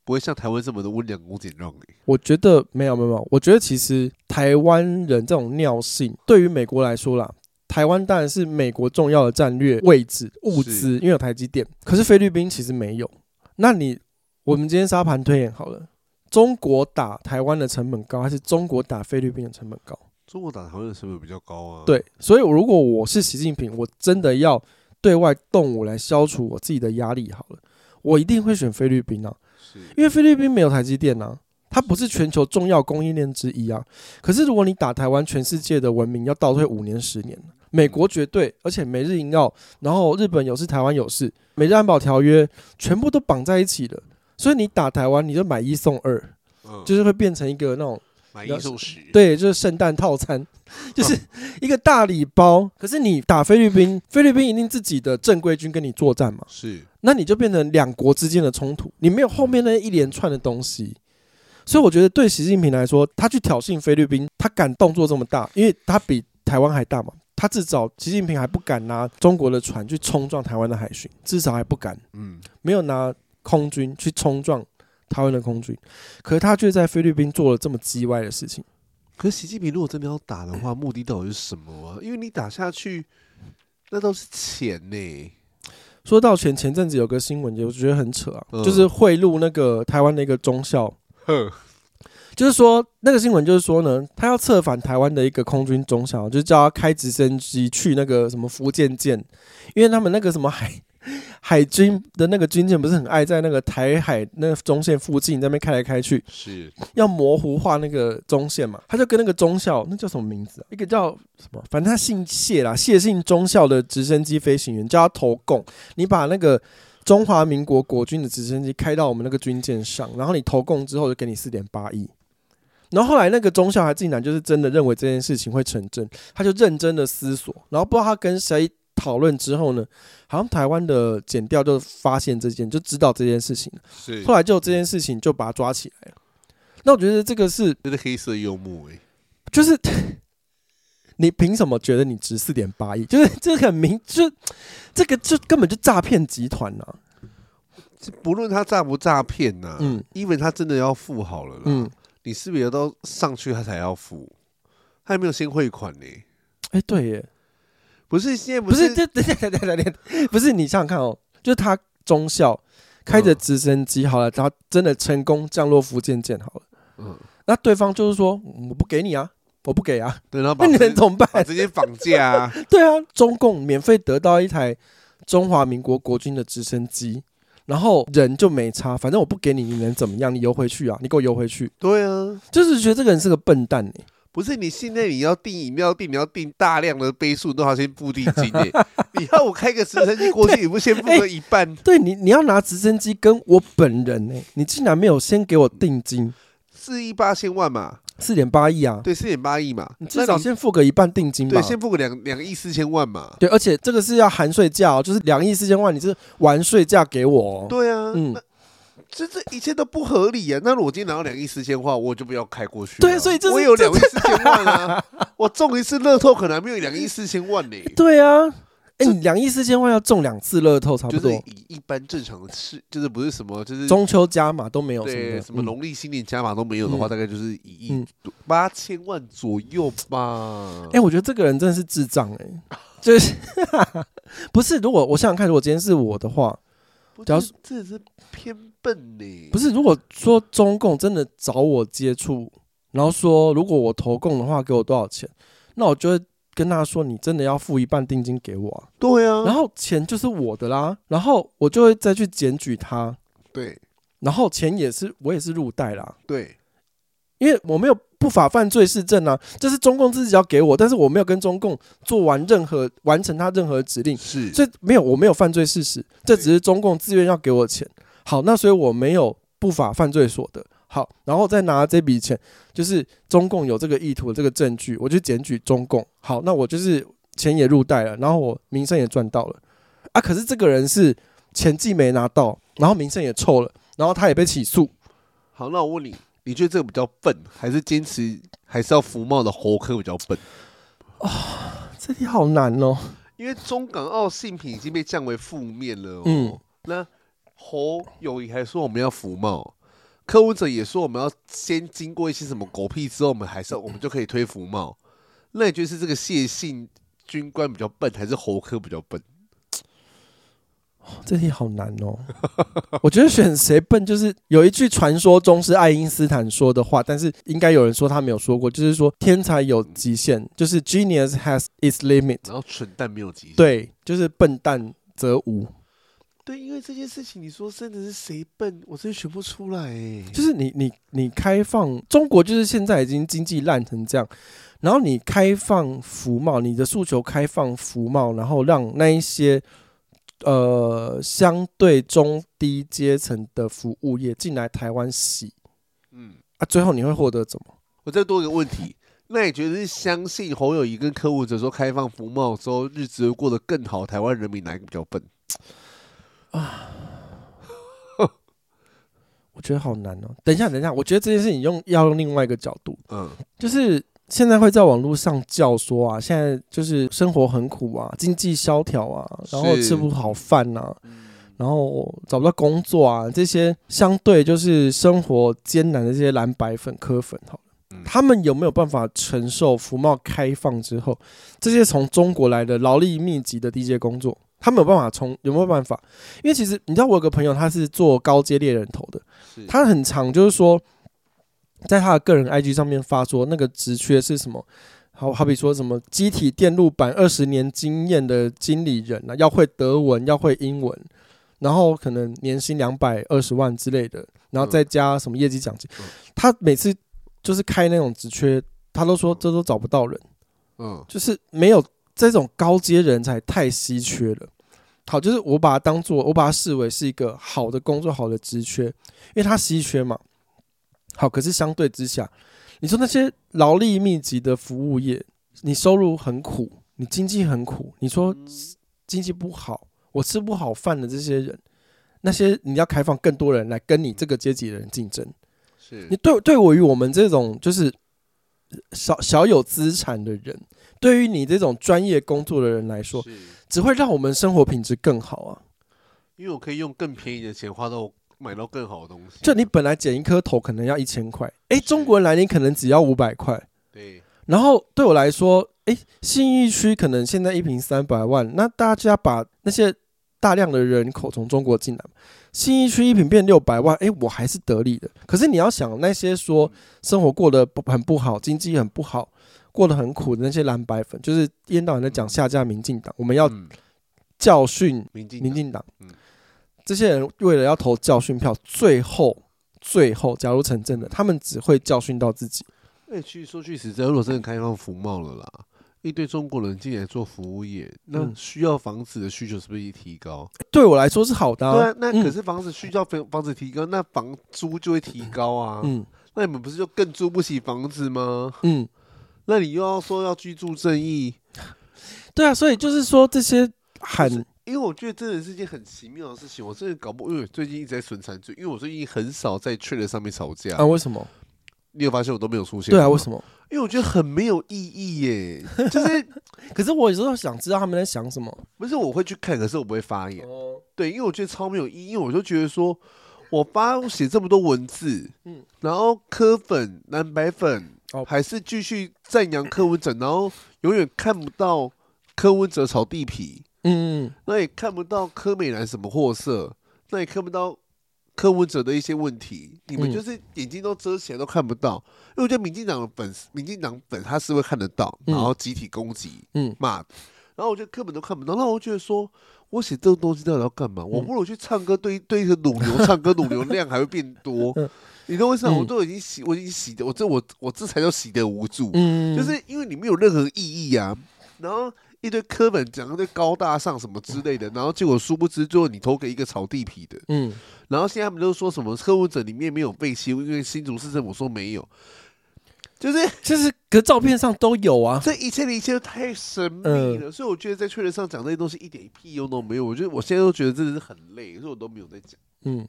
不會像台灣這麼的溫良恭儉讓你、欸，我覺得沒有沒有，我覺得其實台灣人這種尿性對於美國來說啦，台灣當然是美國重要的戰略位置物資，因為有台積電。可是菲律賓其實沒有。那你我們今天沙盤推演好了，中國打台灣的成本高，還是中國打菲律賓的成本高？中國打台灣的成本比較高啊。對，所以如果我是習近平，我真的要。對外動武來消除我自己的壓力好了，我一定會選菲律賓啊，因為菲律賓沒有台積電啊，它不是全球重要供應鏈之一啊。可是如果你打台灣，全世界的文明要倒退五年十年，美國絕對，而且美日印澳，然後日本有事台灣有事，美日安保條約全部都綁在一起的，所以你打台灣，你就買一送二，就是會變成一個那種。買一送十，對，就是聖誕套餐，就是一個大禮包。可是你打菲律賓，菲律賓一定自己的正規軍跟你作戰嘛？是，那你就變成兩國之間的衝突。你沒有後面那一連串的東西，所以我覺得對習近平來說，他去挑釁菲律賓，他敢動作這麼大，因為他比台灣還大嘛。他至少習近平還不敢拿中國的船去衝撞台灣的海巡，至少還不敢。嗯，沒有拿空軍去衝撞。台灣的空軍，可是他卻在菲律賓做了這麼嘰歪的事情。可是習近平如果真的要打的話，目的到底是什麼啊？因為你打下去，那都是錢呢。說到錢，前陣子有個新聞，我覺得很扯啊，呃、就是賄賂那個台灣的一個中校。哼呵，就是說那個新聞，就是說呢，他要策反台灣的一個空軍中校，就叫他開直升機去那個什麼福建艦，因為他們那個什麼海。海軍的那個軍艦不是很愛在那個台海那個中線附近在那邊開來開去，是要模糊化那個中線嘛？他就跟那個中校，那叫什麼名字啊？一個叫什麼？反正他姓謝啦，謝姓中校的直升機飛行員叫他投共。你把那個中華民國國軍的直升機開到我們那個軍艦上，然後你投共之後，就給你四點八億。然後後來那個中校還竟然就是真的認為這件事情會成真，他就認真的思索，然後不知道他跟誰。討論之後呢，好像台灣的檢調就發現這件，就知道這件事情是後來就這件事情就把他抓起來了。那我覺得這個是就是黑色幽默誒、欸，就是你憑什麼覺得你值四點八億？就是這個、很明，就這個就根本就詐騙集團啊。不論他詐不詐騙吶，嗯，因為他真的要付好了啦，嗯，你是不是都上去他才要付？他還沒有先匯款呢、欸？哎、欸，對耶。不是現在不是這等等等等不是，等下等下不是你想想看哦、喔，就是他中校開着直升機好了，嗯、他真的成功降落福建艦好了，嗯、那對方就是說，我不給你啊，我不給啊，對，那你能怎麼辦？直接綁架啊， 對啊，中共免費得到一台中華民國國軍的直升機，然後人就沒差，反正我不給你，你能怎麼樣？你游回去啊，你給我游回去，對啊，就是覺得這個人是個笨蛋、欸不是你現在你要訂飲料，訂你要訂大量的杯數，都要先付定金哎，你要我開個直升機過去， 對你不先付個一半？欸、對你，你要拿直升機跟我本人哎，你竟然沒有先給我定金，四億八千萬嘛，四點八億啊，對，四點八億嘛，你至少先付個一半定金，對，先付個兩兩億四千萬嘛，對，而且這個是要含稅價、哦，就是兩億四千萬，你是完稅價給我、哦，對啊，嗯。這這一切都不合理呀！那如果今天拿到兩億四千萬，我就不要開過去？對，所以我有兩億四千萬啊！我中一次樂透可能還沒有兩億四千萬呢。對啊，哎，兩億四千萬要中兩次樂透差不多。就一般正常的，就是不是什麼就是中秋加碼都沒有什麼農曆新年加碼都沒有的話，大概就是一億八千萬左右吧。哎，我覺得這個人真的是智障哎，就是不是，如果我想想看，如果今天是我的話。假如是只這是偏笨呢、欸，不是？如果說中共真的找我接觸，然後說如果我投共的話，給我多少錢，那我就會跟他說：“你真的要付一半定金給我，啊。”對啊，然後錢就是我的啦，然後我就會再去檢舉他。對，然後錢也是我也是入袋啦。對，因為我沒有。不法犯罪事證啊，這是中共自己要給我，但是我沒有跟中共做完任何完成他任何指令，是，所以沒有我沒有犯罪事實，這只是中共自願要給我的錢，對好，那所以我沒有不法犯罪所得，好，然後再拿這筆錢，就是中共有這個意圖這個證據，我就檢舉中共，好，那我就是錢也入袋了，然後我名聲也賺到了，啊，可是這個人是錢既沒拿到，然後名聲也臭了，然後他也被起訴，好，那我問你。你覺得這個比較笨，還是堅持還是要服貿的侯柯比較笨啊、哦？這題好難哦，因為中港澳信評已經被降為負面了哦。嗯、那侯友宜還說我們要服貿，柯文哲也說我們要先經過一些什麼狗屁之後，我們還是要、嗯、我們就可以推服貿。那也就是這個謝姓軍官比較笨，還是侯柯比較笨？哦，這題好難哦！ 我覺得選誰笨，就是有一句傳說中是愛因斯坦說的話，但是應該有人說他沒有說過，就是說天才有極限，就是 genius has its limit。然後蠢蛋沒有極限。對，就是笨蛋則無。對，因為這件事情，你說真的是誰笨，我真的選不出來，欸。就是你，你，你開放中國，就是現在已經經濟爛成這樣，然後你開放服貿，你的訴求開放服貿，然後讓那一些。呃，相對中低階層的服務業進來台灣洗，嗯啊，最後你會獲得什麼？我再多一個問題，那你覺得是相信侯友宜跟柯文哲說開放服貿之後日子會過得更好，台灣人民哪一個比較笨啊？ 我覺得好難哦、喔。等一下，等一下，我覺得這件事你用要用另外一個角度，嗯，就是。現在會在網絡上叫說啊，現在就是生活很苦啊，經濟蕭條啊，然後吃不好飯吶、啊，是然後找不到工作啊，這些相對就是生活艱難的這些藍白粉、柯粉，嗯、他們有沒有辦法承受服貿開放之後這些從中國來的勞力密集的低階工作？他們有辦法，從有沒有辦法？因為其實你知道，我有個朋友他是做高階獵人頭的，他很常就是說。在他的個人 IG 上面發說，那個職缺是什麼？好好比說什麼機體電路板二十年經驗的經理人呢，啊，要會德文，要會英文，然後可能年薪兩百二十萬之類的，然後再加什麼業績獎金。他每次就是開那種職缺，他都說這都找不到人，嗯，就是沒有這種高階人才太稀缺了。好，就是我把它當做，我把它視為是一個好的工作，好的職缺，因為它稀缺嘛。好，可是相對之下，你說那些勞力密集的服務業，你收入很苦，你經濟很苦，你說經濟不好，我吃不好飯的這些人，那些你要開放更多人來跟你這個階級的人競爭，是你對，對我與我們這種就是小小有資產的人，對於你這種專業工作的人來說，是只會讓我們生活品質更好啊，因為我可以用更便宜的錢花到買到更好的東西、啊，就你本來剪一顆頭可能要一千塊，誒、欸，中國人來年可能只要五百塊。對，然後對我來說，誒、欸，信義區可能現在一坪三百萬，那大家把那些大量的人口從中國進來，信義區一坪變六百萬，誒、欸，我還是得利的。可是你要想那些說生活過得不很不好，經濟很不好，過得很苦的那些藍白粉，就是一天到晚在講，下架民進黨，嗯、我們要教訓民進民進黨。嗯這些人為了要投教訓票，最後最後，假如成真的，他們只會教訓到自己。那去、欸、說句實在，如果真的開放服貿了啦，一堆中國人進來做服務業，那需要房子的需求是不是一提高、嗯？對我來說是好的、啊。對、啊，那可是房子需要房房子提高，那房租就會提高啊。嗯，嗯那你們不是就更租不起房子嗎？嗯，那你又要說要居住正義？對啊，所以就是說這些很。就是因為我覺得真的是一件很奇妙的事情，我真的搞不，因為我最近一直在損慘，就因為我最近很少在 trade 上面吵架啊。為什麼？你有發現我都沒有出現？對啊，為什麼？因為我覺得很沒有意義耶。就是， 可是我有時候想知道他們在想什麼。不是，我會去看，可是我不會發言。哦、對，因為我覺得超沒有意義。因為我就覺得說，我發寫這麼多文字，嗯、然後柯粉、藍白粉、哦、還是繼續讚揚柯文哲，然後永遠看不到柯文哲炒地皮。嗯，那也看不到柯美蘭什麼貨色，那也看不到柯文哲的一些問題，你們就是眼睛都遮起來都看不到。嗯、因為我覺得民進黨的粉絲，民進黨粉他是會看得到，然後集體攻擊、嗯，嗯，罵，然後我覺得根本都看不到。那我覺得說，我寫這種東西到底要幹嘛？嗯、我不如去唱歌，對一個滷牛，唱歌滷流量還會變多。 你都為什麼？嗯、我都已經洗，我已經洗，我這我我這才叫洗得無助。嗯，就是因為你沒有任何意義啊，然後。一堆柯粉講一堆高大上什麼之類的，然後結果殊不知，最後你投給一個炒地皮的。嗯，然後現在他們都說什麼柯文哲裡面沒有被修，因為新竹市政府說沒有，就是就是，隔照片上都有啊。這一切的一切都太神秘了，呃、所以我覺得在確認上講那些東西一點屁用都沒有。我覺得我現在都覺得真的是很累，所以我都沒有在講。嗯，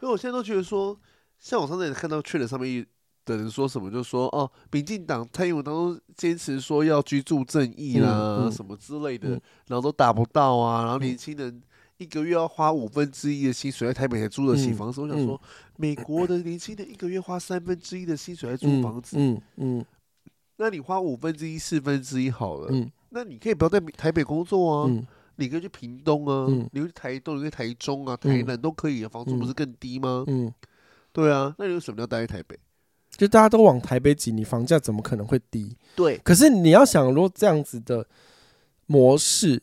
所以我現在都覺得說，像我上次也看到確認上面一。等人說什麼就說哦，民進黨、蔡英文當中堅持說要居住正義啦、啊，嗯嗯、什麼之類的，嗯、然後都達不到啊。然後年輕人一個月要花五分之一的薪水在台北才租得起房子。嗯嗯、我想說，美國的年輕人一個月花三分之一的薪水來租房子，嗯，嗯，嗯那你花五分之一、四分之一好了，嗯，那你可以不要在台北工作啊，嗯、你可以去屏東啊，嗯、你可以去台東、你去台中啊、台南都可以啊，房租不是更低嗎？嗯，嗯對啊，那你為什麼要待在台北？就大家都往台北擠，你房價怎麼可能會低？對，可是你要想，如果這樣子的模式，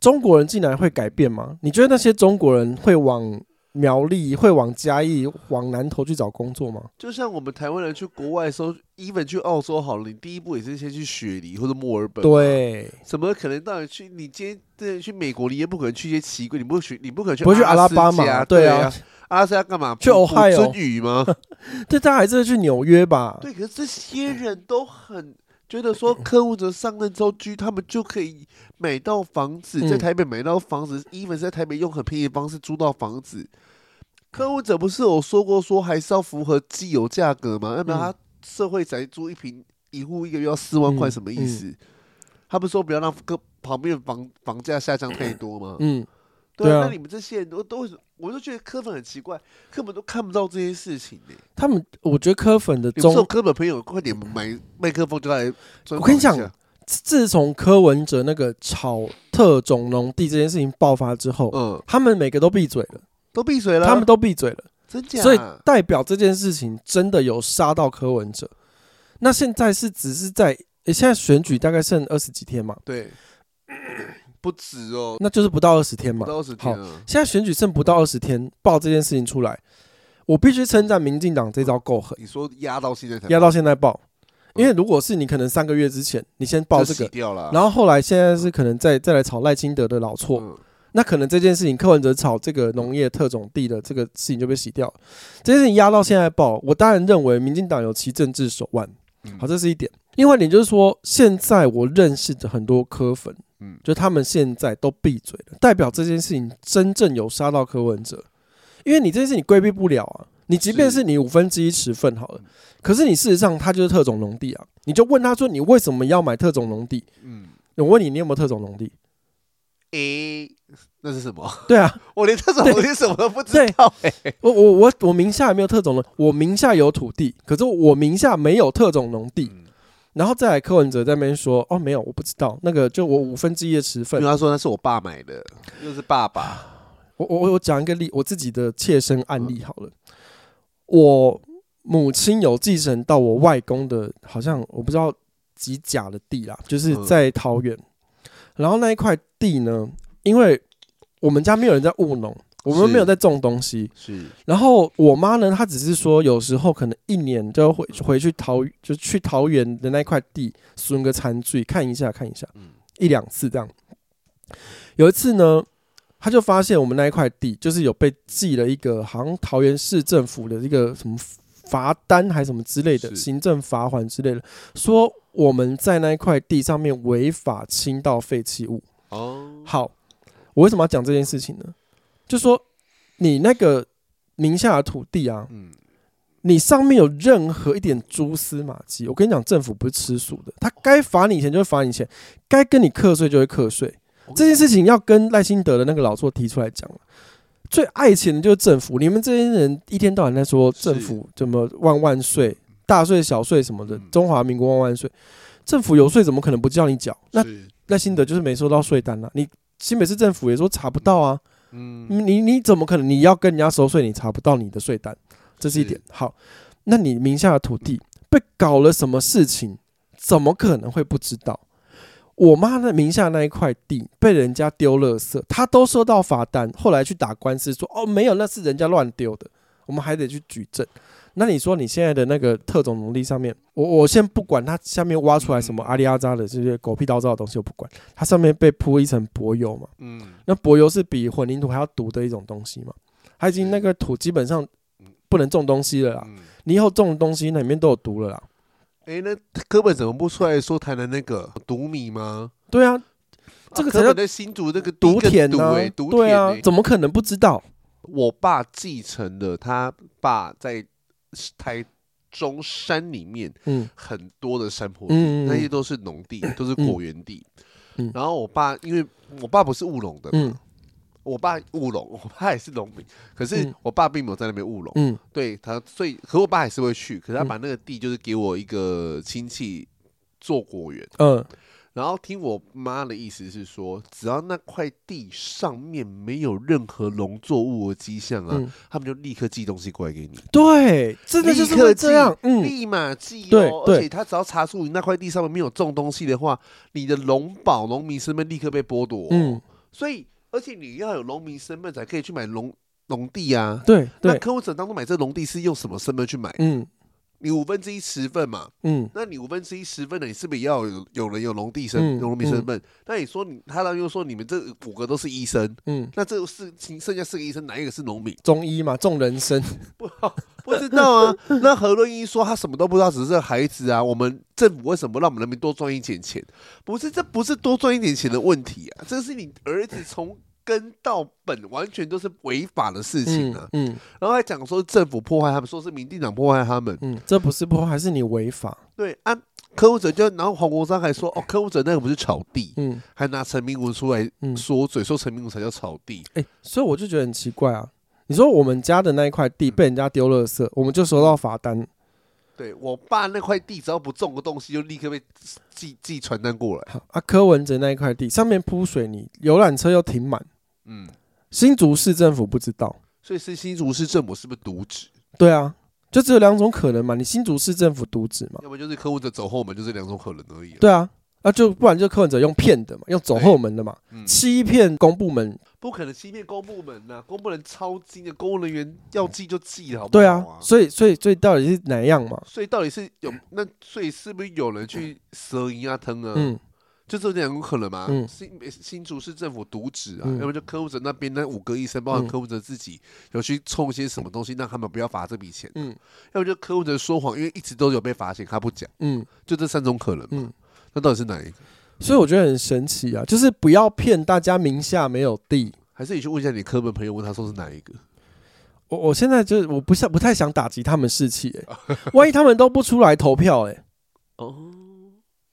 中國人進來會改變嗎？你覺得那些中國人會往？苗栗會往嘉義、往南投去找工作嗎？就像我們台灣人去國外的時候，even 去澳洲好了，你第一步也是先去雪梨或者墨爾本。對，怎麼可能？到底去你今天去美國，你也不可能去一些奇怪，你不會去，你不可能去。不會去阿拉巴馬？對啊，阿拉斯加幹嘛？去俄亥俄嗎？對，大家還是去紐約吧。對，可是這些人都很。覺得說客戶者上任之後，居他們就可以買到房子，嗯、在台北買到房子，even 在台北用很便宜的方式租到房子。客戶者不是有說過說還是要符合既有價格嗎？要不然他社會宅租一坪一戶一個月要四萬塊，什麼意思？嗯嗯、他們說不要讓各旁邊房房價下降太多嗎？嗯。對啊，那你們這些人都都會，我都覺得柯粉很奇怪，柯粉都看不到這些事情，欸、他們，我覺得柯粉的中，總有柯粉朋友，快點買麥克風就來。我跟你講，自從柯文哲那個炒特種農地這件事情爆發之後，嗯，他們每個都閉嘴了，都閉嘴了，他們都閉嘴了，真假？所以代表這件事情真的有殺到柯文哲。那現在是只是在，欸、現在選舉大概剩二十幾天嘛？對。嗯不止哦，那就是不到二十天嘛。不到二十天了，好，現在選舉剩不到二十天，爆、嗯、這件事情出來，我必須稱讚民進黨這招夠狠、嗯。你說壓到現在才壓到現在爆，嗯、因為如果是你，可能三個月之前你先爆這個，然後後來現在是可能再再來炒賴清德的老厝，嗯、那可能這件事情柯文哲炒這個農業特種地的這個事情就被洗掉，這件事情壓到現在爆，我當然認為民進黨有其政治手腕。嗯、好，這是一點。另外一點就是說，現在我認識的很多柯粉。就他們現在都閉嘴了，代表這件事情真正有殺到柯文哲，因為你這件事你規避不了啊。你即便是你五分之一十份好了，是可是你事實上他就是特種農地啊。你就問他說，你為什麼要買特種農地？嗯，我問你，你有沒有特種農地？誒、欸，那是什麼？對啊，我連特種農地什麼都不知道、欸。我我我我名下也沒有特種農，我名下有土地，可是我名下沒有特種農地。嗯然後再來，柯文哲在那邊說，哦，沒有，我不知道，那個就我五分之一的持份，他說那是我爸買的，又是爸爸。 我我我講一個例，我自己的切身案例好了。嗯、我母親有繼承到我外公的，好像我不知道幾甲的地啦，就是在桃園。嗯、然後那一塊地呢，因為我們家沒有人在務農。我們沒有在種東西，是。然後我媽呢，她只是說，有時候可能一年就會回，回去桃，就去桃園的那塊地，送個餐具，看一下看一下，一下嗯，一兩次這樣。有一次呢，她就發現我們那一塊地，就是有被寄了一個好像桃園市政府的一個什麼罰單還是什麼之類的是行政罰款之類的，說我們在那一塊地上面違法傾倒廢棄物。哦、嗯，好，我為什麼要講這件事情呢？就說你那個名下的土地啊，你上面有任何一點蛛絲馬跡，我跟你講，政府不是吃素的，他該罰你錢就會罰你錢，該跟你課稅就會課稅。這件事情要跟賴清德的那個老作提出來講了。最愛錢的就是政府，你們這些人一天到晚在說政府怎麼萬萬稅，大稅小稅什麼的，中華民國萬萬稅，政府有稅怎麼可能不叫你繳？那賴清德就是沒收到稅單了，啊，你新北市政府也說查不到啊。嗯，你你怎麼可能？你要跟人家收稅，你查不到你的稅單，這是一點。好，那你名下的土地被搞了什麼事情？怎麼可能會不知道？我媽的名下的那一塊地被人家丟垃圾，她都收到罰單，後來去打官司說哦沒有，那是人家亂丟的，我們還得去舉證。那你說你現在的那個特種農地上面，我我先不管它下面挖出來什麼阿里阿扎的這些、就是、狗屁倒灶的東西，我不管，它上面被鋪一層柏油嘛。嗯。那柏油是比混凝土還要毒的一種東西嘛？它已經那個土基本上不能種東西了啦。嗯嗯、你以後種的東西裡面都有毒了啦。誒，那根本怎麼不出來說談的那個毒米嗎？對啊，這個可能。的新主那個毒田啊，對啊，怎麼可能不知道？我爸繼承了他爸在。台中山裡面，很多的山坡地，嗯、那些都是農地，嗯、都是果園地。嗯、然後我爸，因為我爸不是務農的嘛，嗯、我爸務農，我爸也是農民，可是我爸並沒有在那邊務農。嗯、對他，所以，可我爸還是會去，可是他把那個地就是給我一個親戚做果園。嗯呃然後聽我媽的意思是說，只要那塊地上面沒有任何農作物的跡象啊，嗯、他們就立刻寄東西過來給你。對，真的就是會這樣，嗯，立馬寄哦。對，而且他只要查出你那塊地上面沒有種東西的話，你的農保農民身份立刻被剝奪，哦。嗯，所以而且你要有農民身份才可以去買農農地啊。對，對。那客戶者當中買這農地是用什麼身份去買？嗯。你五分之一十份嘛，嗯，那你五分之一十份的，你是不是也要有有人有農地生、嗯、農民身份？嗯、那你說你他又說你們這五個都是醫生，嗯，那這個事情剩下四個醫生哪一個是農民？中醫嘛，種人參。不好、啊、不知道啊。 那何潤英說他什麼都不知道，只是孩子啊。我們政府為什麼讓我們人民多賺一點錢？不是，這不是多賺一點錢的問題啊，這是你兒子從。 跟到本完全都是違法的事情啊嗯！嗯，然後還講說政府破壞他們，說是民進黨破壞他們，嗯，這不是破壞，還是你違法？對啊，柯文哲就，然後黃國昌還說，Okay. 哦，柯文哲那個不是草地，嗯，還拿陳明文出來說嘴，嗯、說陳明文才叫草地，哎、欸，所以我就覺得很奇怪啊！你說我們家的那一塊地被人家丟垃圾，嗯、我們就收到罰單。對我爸那塊地，只要不種個東西，就立刻被寄寄傳單過來。好啊，柯文哲那一塊地上面鋪水泥，遊覽車又停滿。嗯，新竹市政府不知道，所以是新竹市政府是不是瀆職？對啊，就只有兩種可能嘛，你新竹市政府瀆職嘛，要不然就是客戶者走後門，就這兩種可能而已，啊。對啊，那，啊，就不然就是客戶者用騙的嘛，用走後門的嘛，欸嗯，欺騙公部門。不可能欺騙公部門啊。公部門超精的，公務人員要記就記了，好不好，啊？對啊，所以所以所以到底是哪樣嘛？所以到底是有那，所以是不是有人去蛇營啊吞啊，嗯？嗯。就這兩種可能嘛？新、嗯、新竹市政府瀆職啊，嗯、要不然就科務者那邊那五個醫生，包括科務者自己，有去湊一些什麼東西，嗯、讓他們不要罰這筆錢、啊。嗯、要不然就科務者說謊，因為一直都有被罰錢，他不講。嗯，就這三種可能嘛。嗯、那到底是哪一個？所以我覺得很神奇啊，就是不要騙大家名下沒有地、嗯，還是你去問一下你科文朋友，問他說是哪一個？我我現在就是我不想不太想打擊他們士氣、欸， 萬一他們都不出來投票、欸，哎，哦。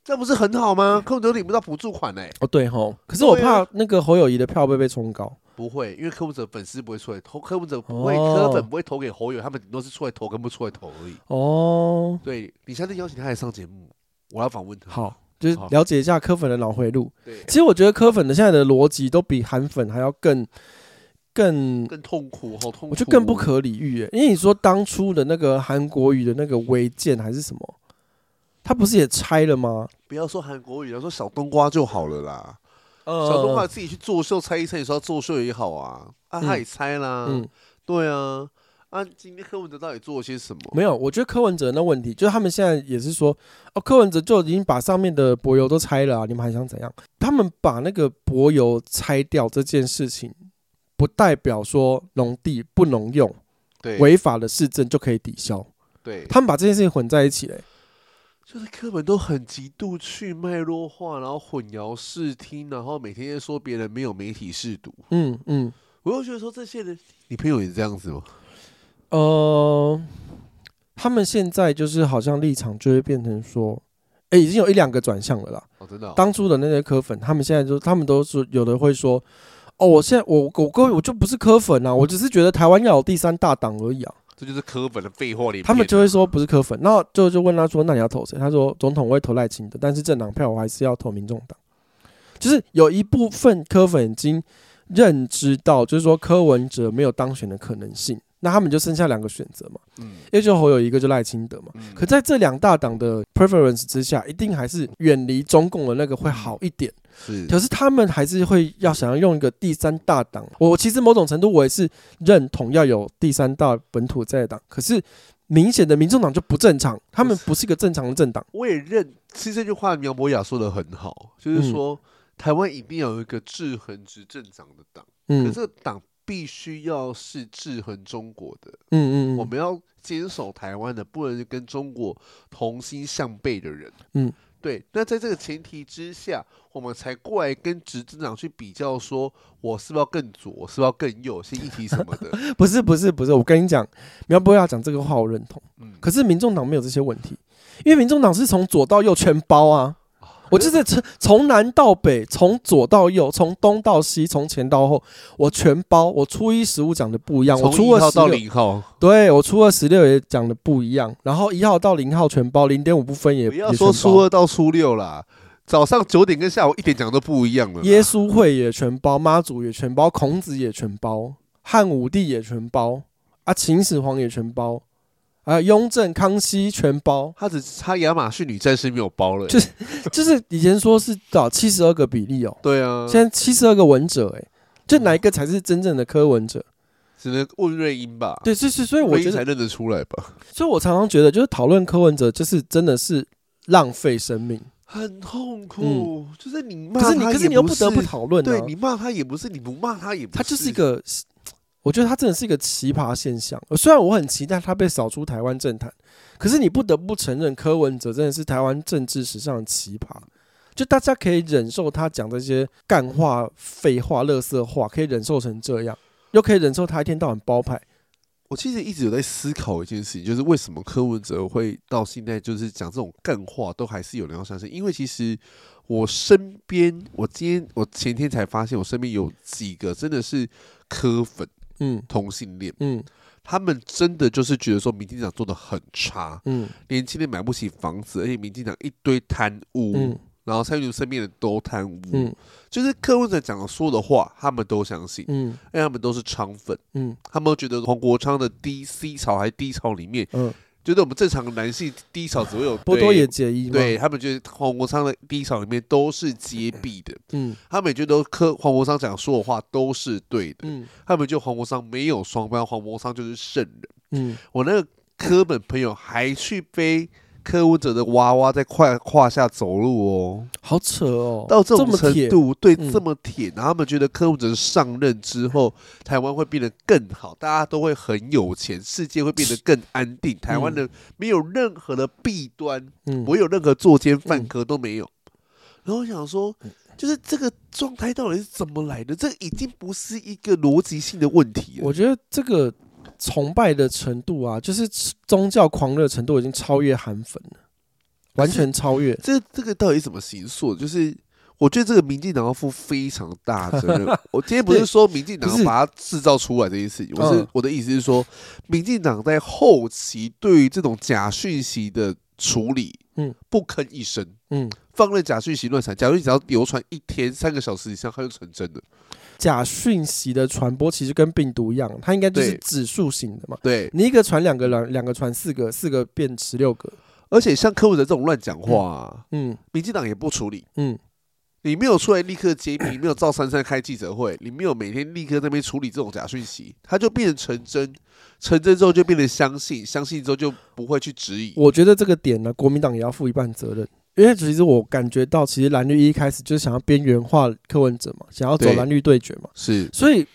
這不是很好嗎？柯文哲都領不到補助款哎、欸！哦，oh, 對哈，可是我怕那個侯友宜的票會被衝高、啊。不會，因為柯文哲粉絲不會出來投，柯文哲不會柯粉、oh. 不會投給侯友，他們頂多是出來投跟不出來投而已。哦，oh. 對，你下次邀請他來上節目，我要訪問他，好，就是了解一下柯粉的腦回路。Oh. 對其實我覺得柯粉的現在的邏輯都比韓粉還要更更更痛苦、哦，好痛苦，我覺得更不可理喻哎、欸。因為你說當初的那個韓國瑜的那個違建還是什麼？他不是也拆了嗎？嗯、不要說韓國語，要說小冬瓜就好了啦。呃、小冬瓜自己去作秀，拆一拆，你說作秀也好啊，啊，嗯、他也拆啦。嗯，對啊，啊，今天柯文哲到底做了些什麼？沒有，我覺得柯文哲那問題，就是他們現在也是說，哦，柯文哲就已經把上面的柏油都拆了、啊，你們還想怎樣？他們把那個柏油拆掉這件事情，不代表說農地不能用，對，違法的市政就可以抵消，對他們把這件事情混在一起了。就是科粉，都很極度去脈絡化，然後混淆視聽，然後每天說別人沒有媒體試讀。嗯嗯，嗯我又覺得說，這些人，你朋友也是這樣子嗎？呃，他們現在就是好像立場就會變成說，哎、欸，已經有一兩個轉向了啦。我知道當初的那些科粉，他們現在就他們都是有的會說，哦，我現在我我哥我就不是科粉啊，我只是覺得台灣要有第三大黨而已啊。這就是柯粉的廢話裡，他們就會說不是柯粉，然後就，就問他說，那你要投誰？他說總統我會投賴清德，但是政黨票我還是要投民眾黨。就是有一部分柯粉已經認知到，就是說柯文哲沒有當選的可能性，那他們就剩下兩個選擇嘛，嗯，也就侯有一個就賴清德嘛，可在這兩大黨的 preference 之下，一定還是遠離中共的那個會好一點。是，可是他們還是會要想要用一個第三大黨。我其實某種程度我也是認同要有第三大本土在黨。可是明顯的，民眾黨就不正常，他們不是一個正常的政黨。我也認，其實這句話苗博雅說的很好，就是說、嗯、台灣一定要有一個制衡執政黨的黨，嗯、可是黨必須要是制衡中國的。嗯嗯嗯，我們要堅守台灣的，不能跟中國同心向背的人。嗯。對，那在這個前提之下，我們才過來跟執政黨去比較，說我是不是要更左，我是不是要更右，些議題什麼的。 不是，不是，不是，我跟你講，苗博雅講這個話，我認同。嗯，可是民眾黨沒有這些問題，因為民眾黨是從左到右全包啊。我就是從從南到北，從左到右，從東到西，從前到後，我全包。我初一十五講的不一樣，我初二十六，對，我初二十六也講的不一樣。然後一號到零號全包，零點五不分也也不要說初二到初六啦。早上九點跟下午一點講都不一樣。耶穌會也全包，媽祖也全包，孔子也全包，漢武帝也全包，啊，秦始皇也全包。啊、呃，雍正、康熙全包，他只他亞馬遜女戰士沒有包了、欸，就是就是以前說是找七十二個比例哦、喔，對啊，現在七十二個文哲、欸，哎，就哪一個才是真正的柯文哲？只能問瑞英吧。對，是是，所以我覺得才認得出來吧。所以我常常覺得，就是討論柯文哲，就是真的是浪費生命，很痛苦。嗯、就是你罵他，可是你又不得不討論、啊，對你罵他也不是，你不罵他也不是，他就是一個。我覺得他真的是一個奇葩現象。雖然我很期待他被掃出台灣政壇，可是你不得不承認，柯文哲真的是台灣政治史上的奇葩。就大家可以忍受他講這些幹話、廢話、垃圾話，可以忍受成這樣，又可以忍受他一天到晚包牌。我其實一直有在思考一件事情，就是為什麼柯文哲會到現在就是講這種幹話，都還是有人要相信？因為其實我身邊，我今天、我前天才發現，我身邊有幾個真的是柯粉。嗯，同性戀，嗯，他們真的就是覺得說民進黨做得很差，嗯，年輕人買不起房子，而且民進黨一堆貪污，嗯，然後蔡英文身邊的人都貪污，嗯，就是柯文哲講說的話，他們都相信，嗯，因為他們都是長粉，嗯，他們覺得黃國昌的低 C 潮還低潮裡面，嗯。覺得我們正常的男性第一場只會有對波多野結衣嗎？對，他們覺得黃國昌的第一場裡面都是揭弊的，嗯，他們覺得都科黃國昌講說的話都是對的，嗯，他們就黃國昌沒有雙標，黃國昌就是聖人，嗯，我那個科本朋友還去背科文哲的娃娃在胯胯下走路哦，好扯哦，到這種程度對這麼鐵，然後他們覺得科文哲上任之後，台灣會變得更好，大家都會很有錢，世界會變得更安定，嗯、台灣的沒有任何的弊端，沒、嗯、有任何作奸犯科都沒有。然後我想說，就是這個狀態到底是怎麼來的？這個、已經不是一個邏輯性的問題。我覺得這個。崇拜的程度啊，就是宗教狂熱程度已經超越韓粉了，是完全超越。這這個到底怎麼形塑？就是我覺得這個民進黨要負非常大的責任。 我今天不是說民進黨要把它製造出來這件事情， 是我是、哦、我的意思是說，民進黨在後期對於這種假訊息的處理，嗯，不吭一聲，嗯，放任假訊息亂傳。假如你只要流傳一天三個小時以上，它就成真的。假訊息的傳播其實跟病毒一樣，它應該就是指數型的嘛。對，對，你一個傳兩個，兩兩個傳四個，四個變十六個。而且像柯文哲這種亂講話嗯，嗯，民進黨也不處理，嗯，你沒有出來立刻揭弊，嗯、你沒有照三三開記者會，你沒有每天立刻在那邊處理這種假訊息，它就變成，成真，成真之後就變成相信，相信之後就不會去質疑。我覺得這個點呢，國民黨也要負一半責任。因為其實我感覺到，其實藍綠一開始就是想要邊緣化柯文哲嘛，想要走藍綠對決嘛。是，所以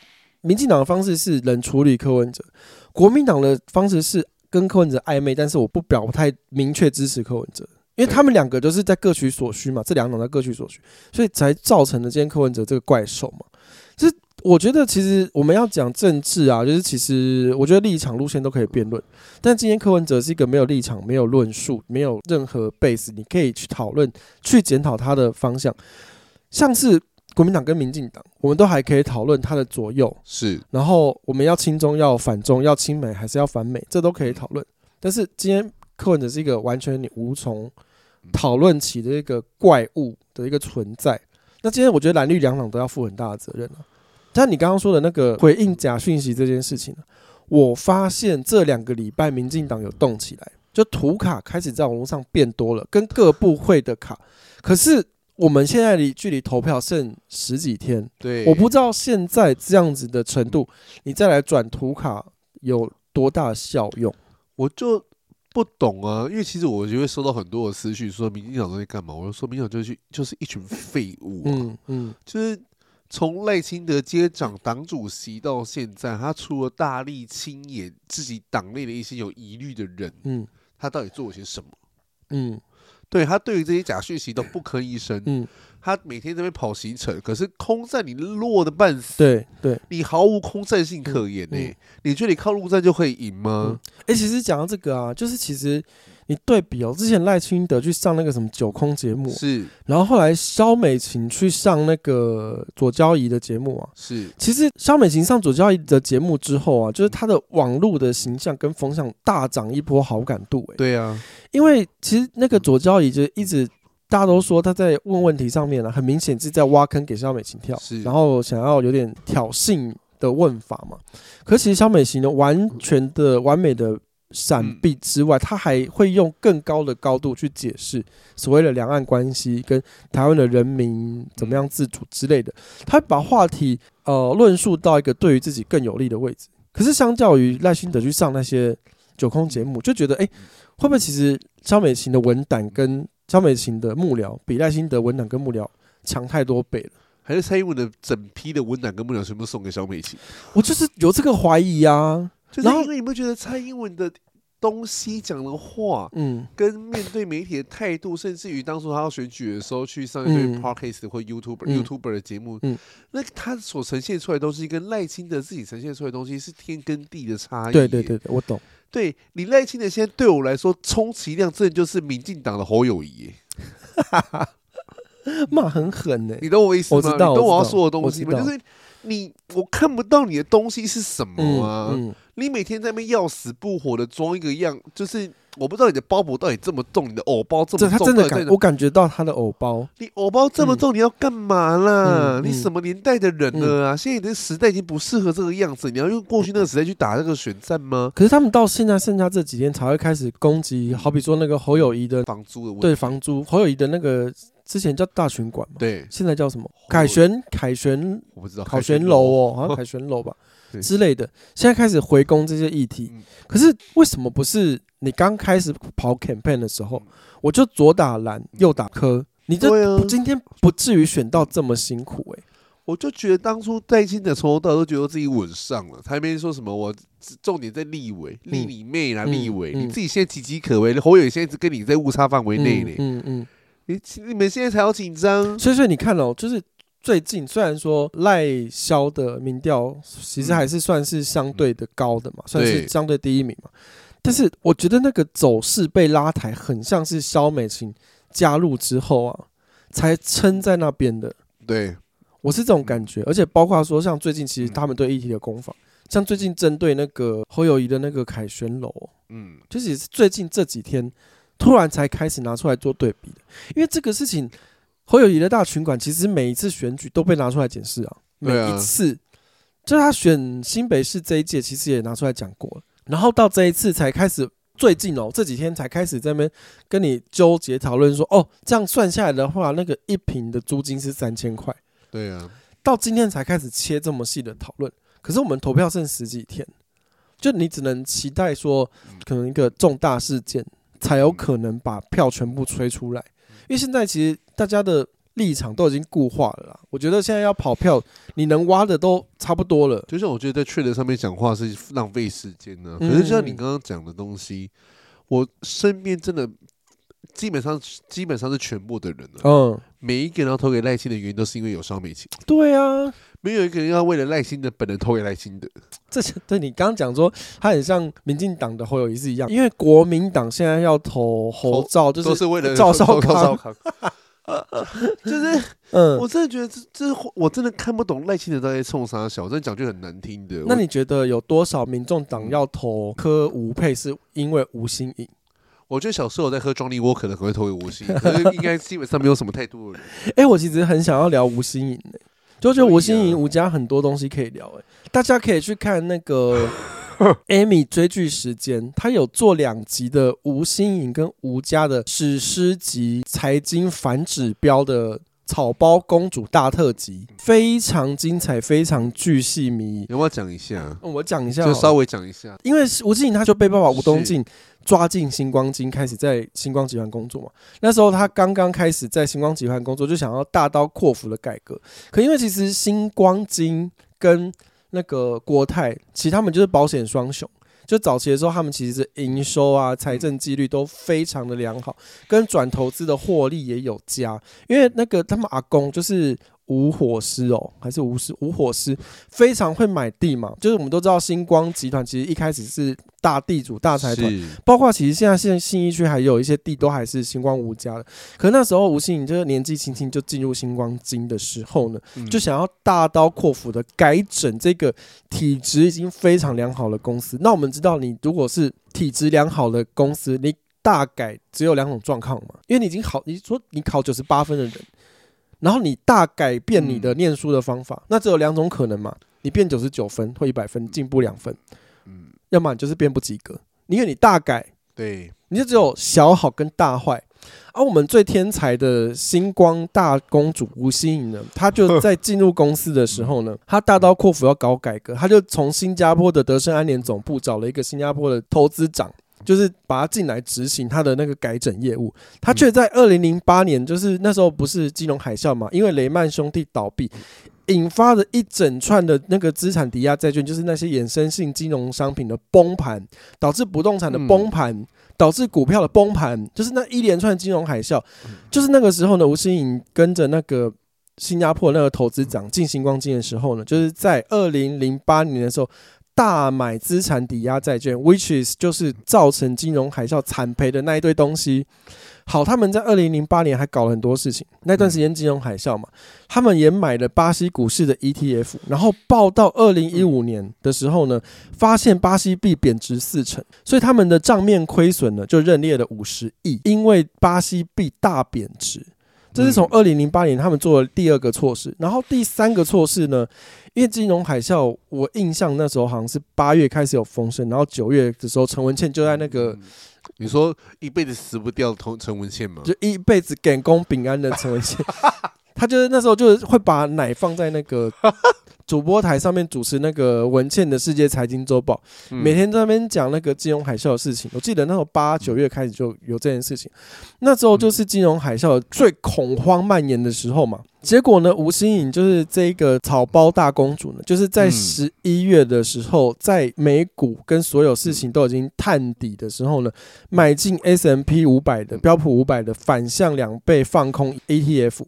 民進黨的方式是冷處理柯文哲，國民黨的方式是跟柯文哲曖昧，但是我不表態明確支持柯文哲，因為他們兩個都是在各取所需嘛。這兩種在各取所需，所以才造成了今天柯文哲這個怪獸嘛。我覺得其實我們要講政治啊，就是其實我覺得立場路線都可以辯論。但今天柯文哲是一個沒有立場、沒有論述、沒有任何 base，你可以去討論、去檢討他的方向。像是國民黨跟民進黨，我們都還可以討論他的左右，是。然後我們要親中、要反中、要親美還是要反美，這都可以討論。但是今天柯文哲是一個完全你無從討論起的一個怪物的一個存在。那今天我覺得藍綠兩黨都要負很大的責任啊。像你剛剛說的那個回應假訊息這件事情，我發現這兩個禮拜民進黨有動起來，就圖卡開始在網絡上變多了，跟各部會的卡。可是我們現在離距離投票剩十幾天，對，我不知道現在這樣子的程度，你再來轉圖卡有多大效用，我就不懂啊。因為其實我就會收到很多的私訊，說民進黨在幹嘛？我就說民進黨就是就是一群廢物啊，嗯，嗯，就是。從賴清德接掌黨主席到現在，他除了大力清演自己黨內的一些有疑慮的人，嗯，他到底做了些什麼？嗯，對他對於這些假訊息都不吭一聲，嗯、他每天在那邊跑行程，可是空戰你落得半死，對，對你毫無空戰性可言誒、欸，嗯、你覺得你靠陸戰就會贏嗎？誒、嗯欸，其實講到這個啊，就是其實。你對比哦，之前賴清德去上那個什麼九空節目，是，然後後來蕭美琴去上那個左交易的節目啊，是。其實蕭美琴上左交易的節目之後啊，就是她的網絡的形象跟風向大漲一波好感度哎、欸。對啊，因為其實那個左交易就一直大家都說他在問問題上面啊，很明顯是在挖坑給蕭美琴跳，是然後想要有點挑釁的問法嘛。可是其實蕭美琴呢，完全的完美的。閃避之外，他還會用更高的高度去解釋所謂的兩岸關係跟台灣的人民怎麼樣自主之類的。他會把話題呃論述到一個對於自己更有利的位置。可是相較於賴清德去上那些九空節目，就覺得誒、欸、會不會其實蕭美琴的文膽跟蕭美琴的幕僚，比賴清德文膽跟幕僚強太多倍了？還是蔡英文的整批的文膽跟幕僚全部送給蕭美琴？我就是有這個懷疑啊。就是因為你不覺得蔡英文的東西講的話，嗯，跟面對媒體的態度，甚至於當初他要選舉的時候去上一些 Podcast 或 YouTuber YouTuber 的節目，嗯，那他所呈現出來的東西跟賴清德自己呈現出來的東西是天跟地的差異。欸。對對對，我懂。對，你賴清德現在對我來說，充其量真的就是民進黨的侯友宜，罵很狠呢。你懂我意思嗎？你懂我要說的東西嗎？就是你，我看不到你的東西是什麼啊？你每天在那邊要死不活的裝一個樣，就是我不知道你的包袱到底這麼重，你的偶包這麼重。他真的感我感覺到他的偶包，你偶包這麼重，你要干嘛啦？你什麼年代的人了啊？現在的時代已經不適合這個樣子，你要用過去那個時代去打那個選戰嗎？可是他們到現在剩下這幾天才會開始攻擊，好比說那個侯友宜的房租的問題，對房租，侯友宜的那個之前叫大群館，對，現在叫什麼？凱旋，凱旋，我不知道，凱旋樓哦，好像凱旋樓吧。之類的，現在開始回攻這些議題。嗯、可是為什麼不是你剛開始跑 campaign 的時候，嗯、我就左打藍右打科？嗯、你這、啊、今天不至於選到這麼辛苦哎、欸？我就覺得當初戴心的從頭到尾都覺得自己穩上了，他沒說什麼。我重點在立委，立你妹啦！立委，嗯嗯嗯、你自己現在岌岌可危，侯友宜現在跟你在誤差範圍內呢。嗯嗯，你你們現在才要緊張？所以，所以你看哦、喔，就是。最近雖然說賴蕭的民調其實還是算是相對的高的嘛，算是相對第一名嘛，但是我覺得那個走勢被拉抬，很像是蕭美琴加入之後啊，才撐在那邊的。對，我是這種感覺。而且包括說像最近其實他們對議題的攻防，像最近針對那個侯友宜的那個凱旋樓，嗯，就是也是最近這幾天突然才開始拿出來做對比的，因為這個事情。侯友宜的大群館其實每一次選舉都被拿出來檢視啊，每一次，就他選新北市這一屆其實也拿出來講過，然後到這一次才開始，最近哦、喔、這幾天才開始在那邊跟你糾結討論說，哦這樣算下來的話，那個一坪的租金是三千塊，對啊，到今天才開始切這麼細的討論，可是我們投票剩十幾天，就你只能期待說，可能一個重大事件才有可能把票全部催出來。因為現在其實大家的立場都已經固化了啦，我覺得現在要跑票，你能挖的都差不多了。就像我覺得在 Threads 上面講話是浪費時間呢、啊。可是就像你剛剛講的東西，嗯、我身邊真的基本上基本上是全部的人啊，嗯、每一個人要投給賴清德的原因都是因為有蕭美琴，對啊。沒有一個人要為了賴清德本人投給賴清德這是對你剛剛講說他很像民進黨的侯友宜一,一樣，因為國民黨現在要投侯趙，就是為了趙少康，就是嗯，我真的覺得這這我真的看不懂賴清德在衝啥小，小鄭講句很難聽的。那你覺得有多少民眾黨要投柯吳配是因為吳欣盈？我覺得小時候我在喝 Johnny Walker 可能會投給吳欣盈， 可是應該基本上沒有什麼太多人。哎，我其實很想要聊吳欣盈。就覺得吳欣盈、吳家很多東西可以聊誒、欸，大家可以去看那個 Amy 追劇時間，他有做兩集的吳欣盈跟吳家的史詩級財經反指標的。草包公主大特輯非常精彩，非常巨細靡遺。有沒有講一下？嗯、我講一,一下，就稍微講一下。因為吳欣盈他就被爸爸吳東進是抓進新光金，開始在新光集團工作嘛。那時候他剛剛開始在新光集團工作，就想要大刀闊斧的改革。可因為其實新光金跟那個國泰，其實他們就是保險雙雄。就早期的時候，他們其實營收啊、財政紀律，都非常的良好，跟轉投資的獲利也有加，因為那個他們阿公就是。吳火獅哦，還是吳獅？吳火獅。非常會買地嘛，就是我們都知道，新光集團其實一開始是大地主大財團，是包括其實現在信義區還有一些地都還是新光吳家的。可是那時候吳欣盈你這個輕輕，就是年紀輕輕就進入新光金的時候呢，嗯、就想要大刀闊斧的改整這個體質已經非常良好的公司。那我們知道，你如果是體質良好的公司，你大概只有兩種狀況嘛，因為你已經好，你說你考九十八分的人。然後你大改變你的念書的方法，嗯、那只有兩種可能嘛，你變九十九分或一百分，進、嗯、步兩分，嗯，要麼你就是變不及格，因為你大改，對，你就只有小好跟大壞，而、啊、我們最天才的星光大公主吳欣盈呢，她就在進入公司的時候呢， 她大刀闊斧要搞改革，她就從新加坡的德盛安聯總部找了一個新加坡的投資長。就是把它進來執行他的那個改整業務，他卻在二零零八年，就是那時候不是金融海嘯嘛？因為雷曼兄弟倒閉，引發了一整串的那個資產抵押債券，就是那些衍生性金融商品的崩盤，導致不動產的崩盤，導致股票的崩盤，就是那一連串金融海嘯。就是那個時候呢，吳欣盈跟着那個新加坡那個投資長進新光金的時候呢，就是在二零零八年的時候。大買資產抵押債券，which is 就是造成金融海嘯慘賠的那一堆東西。好，他們在二零零八年還搞了很多事情，那段時間金融海嘯嘛，他們也買了巴西股市的 ETF，然後報到二零一五年的時候呢，發現巴西幣貶值四成，所以他們的賬面虧損呢就認列了五十億，因為巴西幣大貶值。這是從二零零八年他們做的第二個措施，然後第三個措施呢？因為金融海嘯，我印象那時候好像是八月開始有風聲，然後九月的時候，陳文茜就在那個、嗯，你說一輩子死不掉同陳文茜嗎？就一輩子健康平安的陳文茜。 他就是那時候就是會把奶放在那個。 主播台上面主持那個文茜的《世界財經週報》，每天在那邊講那個金融海嘯的事情。我記得那時候八九月開始就有這件事情，那時候就是金融海嘯最恐慌蔓延的時候嘛。結果呢，吳欣盈就是這一個草包大公主呢，就是在十一月的時候，在美股跟所有事情都已經探底的時候呢買，買進 S&P 五百的標普五百的反向兩倍放空 ETF，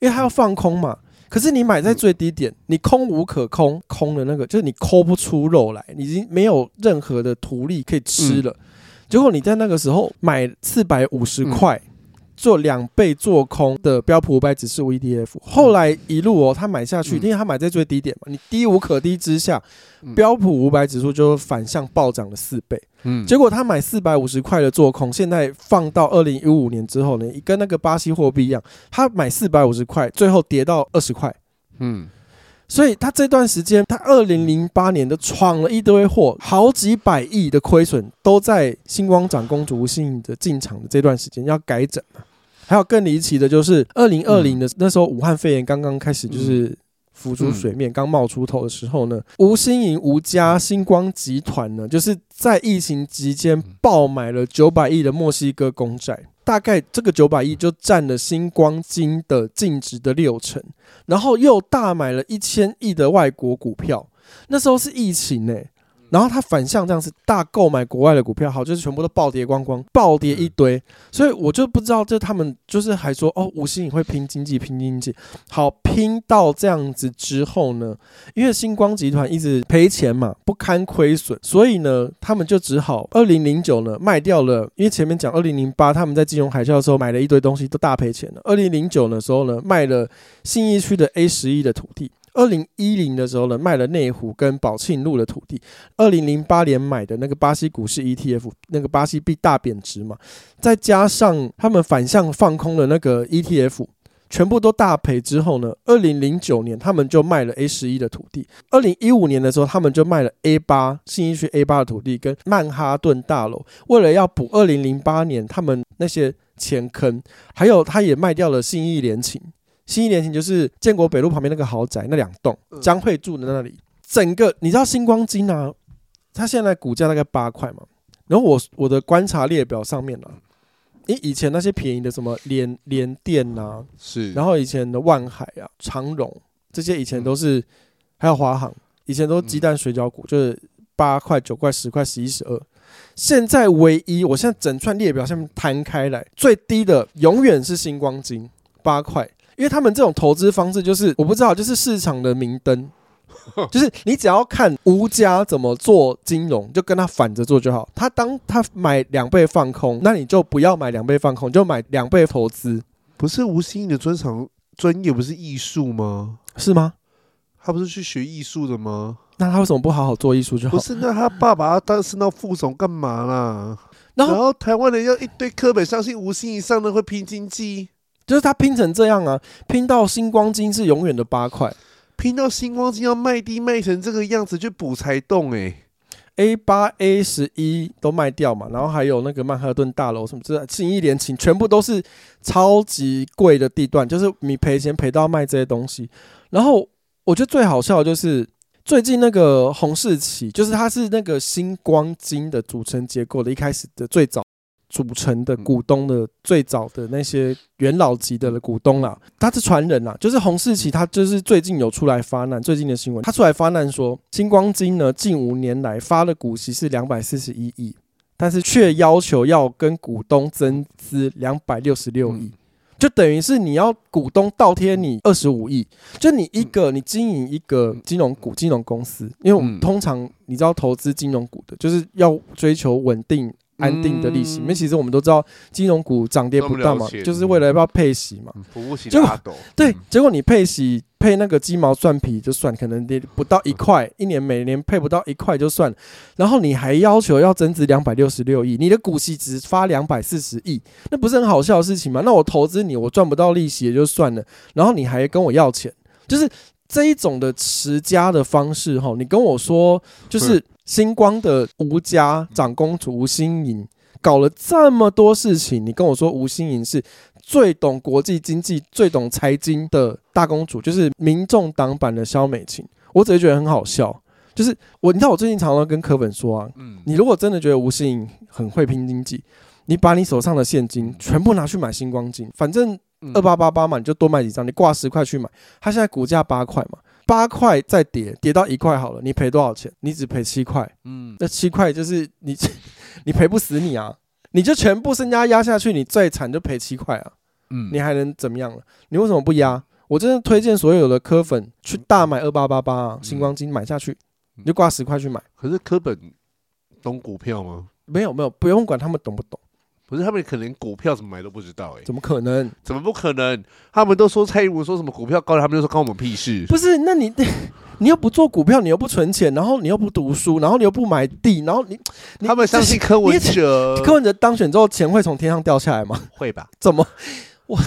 因為他要放空嘛。可是你買在最低點，你空無可空，空的那個就是你摳不出肉來，你已經沒有任何的圖利可以吃了。嗯、結果你在那個時候買四百五十塊。嗯做兩倍做空的標普五百指數 VDF 後來一路哦，他買下去，因為他買在最低點嘛，你低無可低之下，標普五百指數就反向暴漲了四倍，結果他買四百五十塊的做空，現在放到二零一五年之後呢，跟那個巴西貨幣一樣，他買四百五十塊，最後跌到二十塊，嗯。所以他這段時間，他二零零八年的闖了一堆禍，好幾百億的虧損都在星光長公主吳欣盈的進場的這段時間要改整了。還有更離奇的就是二零二零的那時候，武漢肺炎剛剛開始就是浮出水面，嗯、剛冒出頭的時候呢，吳欣盈吳家星光集團呢，就是在疫情期間爆買了九百億的墨西哥公債。大概這個九百億就佔了新光金的淨值的六成，然後又大買了一千億的外國股票，那時候是疫情呢、欸。然後他反向這樣子大購買國外的股票，好，就是全部都暴跌光光，暴跌一堆，所以我就不知道，就他們就是還說哦，吳欣盈會拼經濟，拼經濟，好，拼到這樣子之後呢，因為新光集團一直賠錢嘛，不堪虧損，所以呢，他們就只好二零零九呢賣掉了，因為前面講二零零八他們在金融海嘯的時候買了一堆東西都大賠錢了，二零零九的時候呢賣了信義區的 A 十一的土地。二零一零的時候呢，賣了內湖跟寶慶路的土地。二零零八年買的那個巴西股市 ETF，那個巴西幣大貶值嘛，再加上他們反向放空了那個 ETF，全部都大賠之後呢，二零零九年他們就賣了 A 十一的土地。二零一五年的時候，他們就賣了 A 八信義區 A 八的土地跟曼哈頓大樓，為了要補二零零八年他們那些錢坑，還有他也賣掉了信義聯勤。新一年前，就是建國北路旁邊那個豪宅那兩棟，將會住在那裡。整個你知道新光金啊，它現在股價大概八塊嘛。然後我我的觀察列表上面呢、啊，哎以前那些便宜的什麼聯聯電吶、啊，是，然後以前的萬海啊、長榮這些以前都是，還有華航以前都是雞蛋水餃股，就是八塊、九塊、十塊、十一、十二。現在唯一我現在整串列表上面攤開來，最低的永遠是新光金八塊。因為他們這種投資方式就是我不知道，就是市場的明燈， 就是你只要看吳家怎麼做金融，就跟他反着做就好。他當他買兩倍放空，那你就不要買兩倍放空，就買兩倍投資。不是吳欣盈的專長專業不是藝術嗎？是嗎？他不是去學藝術的嗎？那他為什麼不好好做藝術就好？不是，那他爸爸他當時那副總幹嘛啦？ 然,後然後台灣人要一堆課本，相信吳欣盈上的會拼經濟。就是他拼成這樣啊，拼到新光金是永遠的八塊，拼到新光金要賣地賣成這個樣子去補財洞誒 a 八 A 十一都賣掉嘛，然後還有那個曼哈頓大樓什麼之類的信義聯勤，全部都是超級貴的地段，就是你賠錢賠到賣這些東西。然後我覺得最好笑的就是最近那個洪世奇，就是他是那個新光金的組成結構的，一開始的最早。組成的股東的最早的那些元老級的，的股東啦、啊，他是傳人啦、啊，就是洪世奇，他就是最近有出來發難。最近的新聞，他出來發難說，新光金呢近五年來發的股息是兩百四十一億，但是卻要求要跟股東增資兩百六十六億，嗯、就等於是你要股東倒貼你二十五億，就你一個你經營一個金融股金融公司，因為我們通常你知道投資金融股的，就是要追求穩定。安定的利息，嗯、因為其實我們都知道金融股漲跌不大嘛，了了就是為了要不要配息嘛。嗯、服務型拉就、嗯、對，結果你配息配那個雞毛蒜皮就算，可能跌不到一塊，嗯、一年每年配不到一塊就算了。然後你還要求要增值兩百六十六億，你的股息只發兩百四十億，那不是很好笑的事情嗎？那我投資你，我賺不到利息也就算了，然後你還跟我要錢，就是這一種的持家的方式哈。你跟我說就是。嗯新光的吳家長公主吳欣盈搞了這麼多事情，你跟我說吳欣盈是最懂國際經濟、最懂財經的大公主，就是民眾黨版的蕭美琴，我只會覺得很好笑。就是我，你知道我最近常常跟柯粉說啊，你如果真的覺得吳欣盈很會拼經濟，你把你手上的現金全部拿去買新光金，反正二八八八嘛，你就多買幾張，你掛十塊去買，它現在股價八塊嘛。八塊再跌，跌到一塊好了。你賠多少錢？你只賠七塊。嗯，這七塊就是你， 你賠不死你啊！你就全部身家壓下去，你最慘就賠七塊啊。嗯，你還能怎麼樣了、啊？你為什麼不壓？我真的推薦所有的科粉去大買二八八八啊，新光金買下去，嗯、你就掛十塊去買。可是科本懂股票嗎？沒有沒有，不用管他們懂不懂。不是，他們可能連股票怎麼買都不知道哎、欸，怎麼可能？怎麼不可能？他們都說蔡英文說什麼股票高了，他們就說關我們屁事。不是，那你你又不做股票，你又不存錢，然後你又不讀書，然後你又不買地，然後你，你他們相信柯文哲？柯文哲當選之後，錢會從天上掉下來嗎？會吧？怎麼？哇！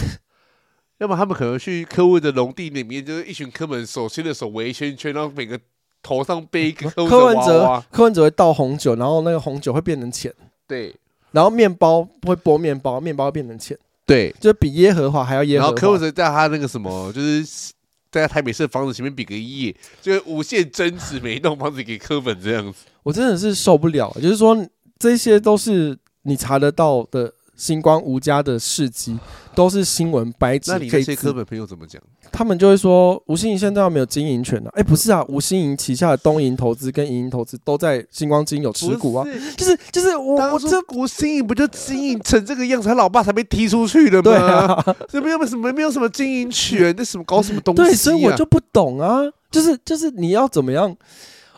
要麼他們可能去柯文哲農地裡面，就是一群柯門手牽着手圍一圈圈，然後每個頭上背一個柯文娃娃柯文哲，柯文哲會倒紅酒，然後那個紅酒會變成錢。對。然後麵包會剝麵包，麵包會變成錢，對，就比耶和華還要耶和華。然後柯文哲在他那個什麼， 就是在台北市的房子前面比個耶，就是無限增值每一棟房子給柯本這樣子， 我真的是受不了了。就是說這些都是你查得到的。星光吳家的事蹟都是新聞，白紙黑字。那你那些科本朋友怎麼講？他們就會說，吳欣盈現在沒有經營權啊！哎、欸，不是啊，吳欣盈旗下的東營投資跟盈營投資都在星光金有持股啊。就是就是，就是、我我這股欣盈不就經營成這個樣子，他、呃、老爸才被踢出去的嗎？對啊，這沒有什麼沒有什麼經營權，那什麼搞什麼東西、啊？對，所以我就不懂啊。就是就是，你要怎麼樣？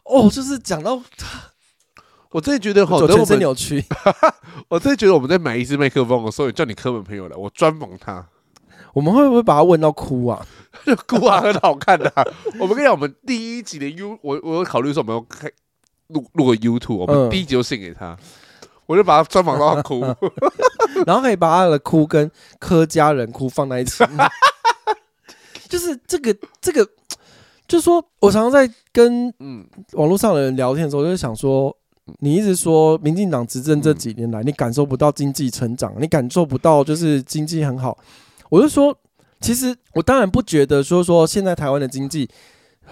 哦，就是講到 我真的覺得好，真的，全身扭曲。我， 我真的覺得我們在買一支麥克風我時候，所以叫你柯文朋友來我專訪他。我們會不會把他問到哭啊？ 就哭啊，很好看的、啊。 我們跟你講，我們第一集的 U，我我有考慮說我們要開錄錄個 YouTube，我們第一集就獻給他。嗯、我就把他專訪到他哭，嗯、 然後可以把他的哭跟柯家人哭放在一起。 就是這個這個，就是說我常常在跟嗯網絡上的人聊天的時候，我就想說。你一直說民進黨執政這幾年來，你感受不到經濟成長，你感受不到就是經濟很好。我就說，其實我當然不覺得，說說現在台灣的經濟，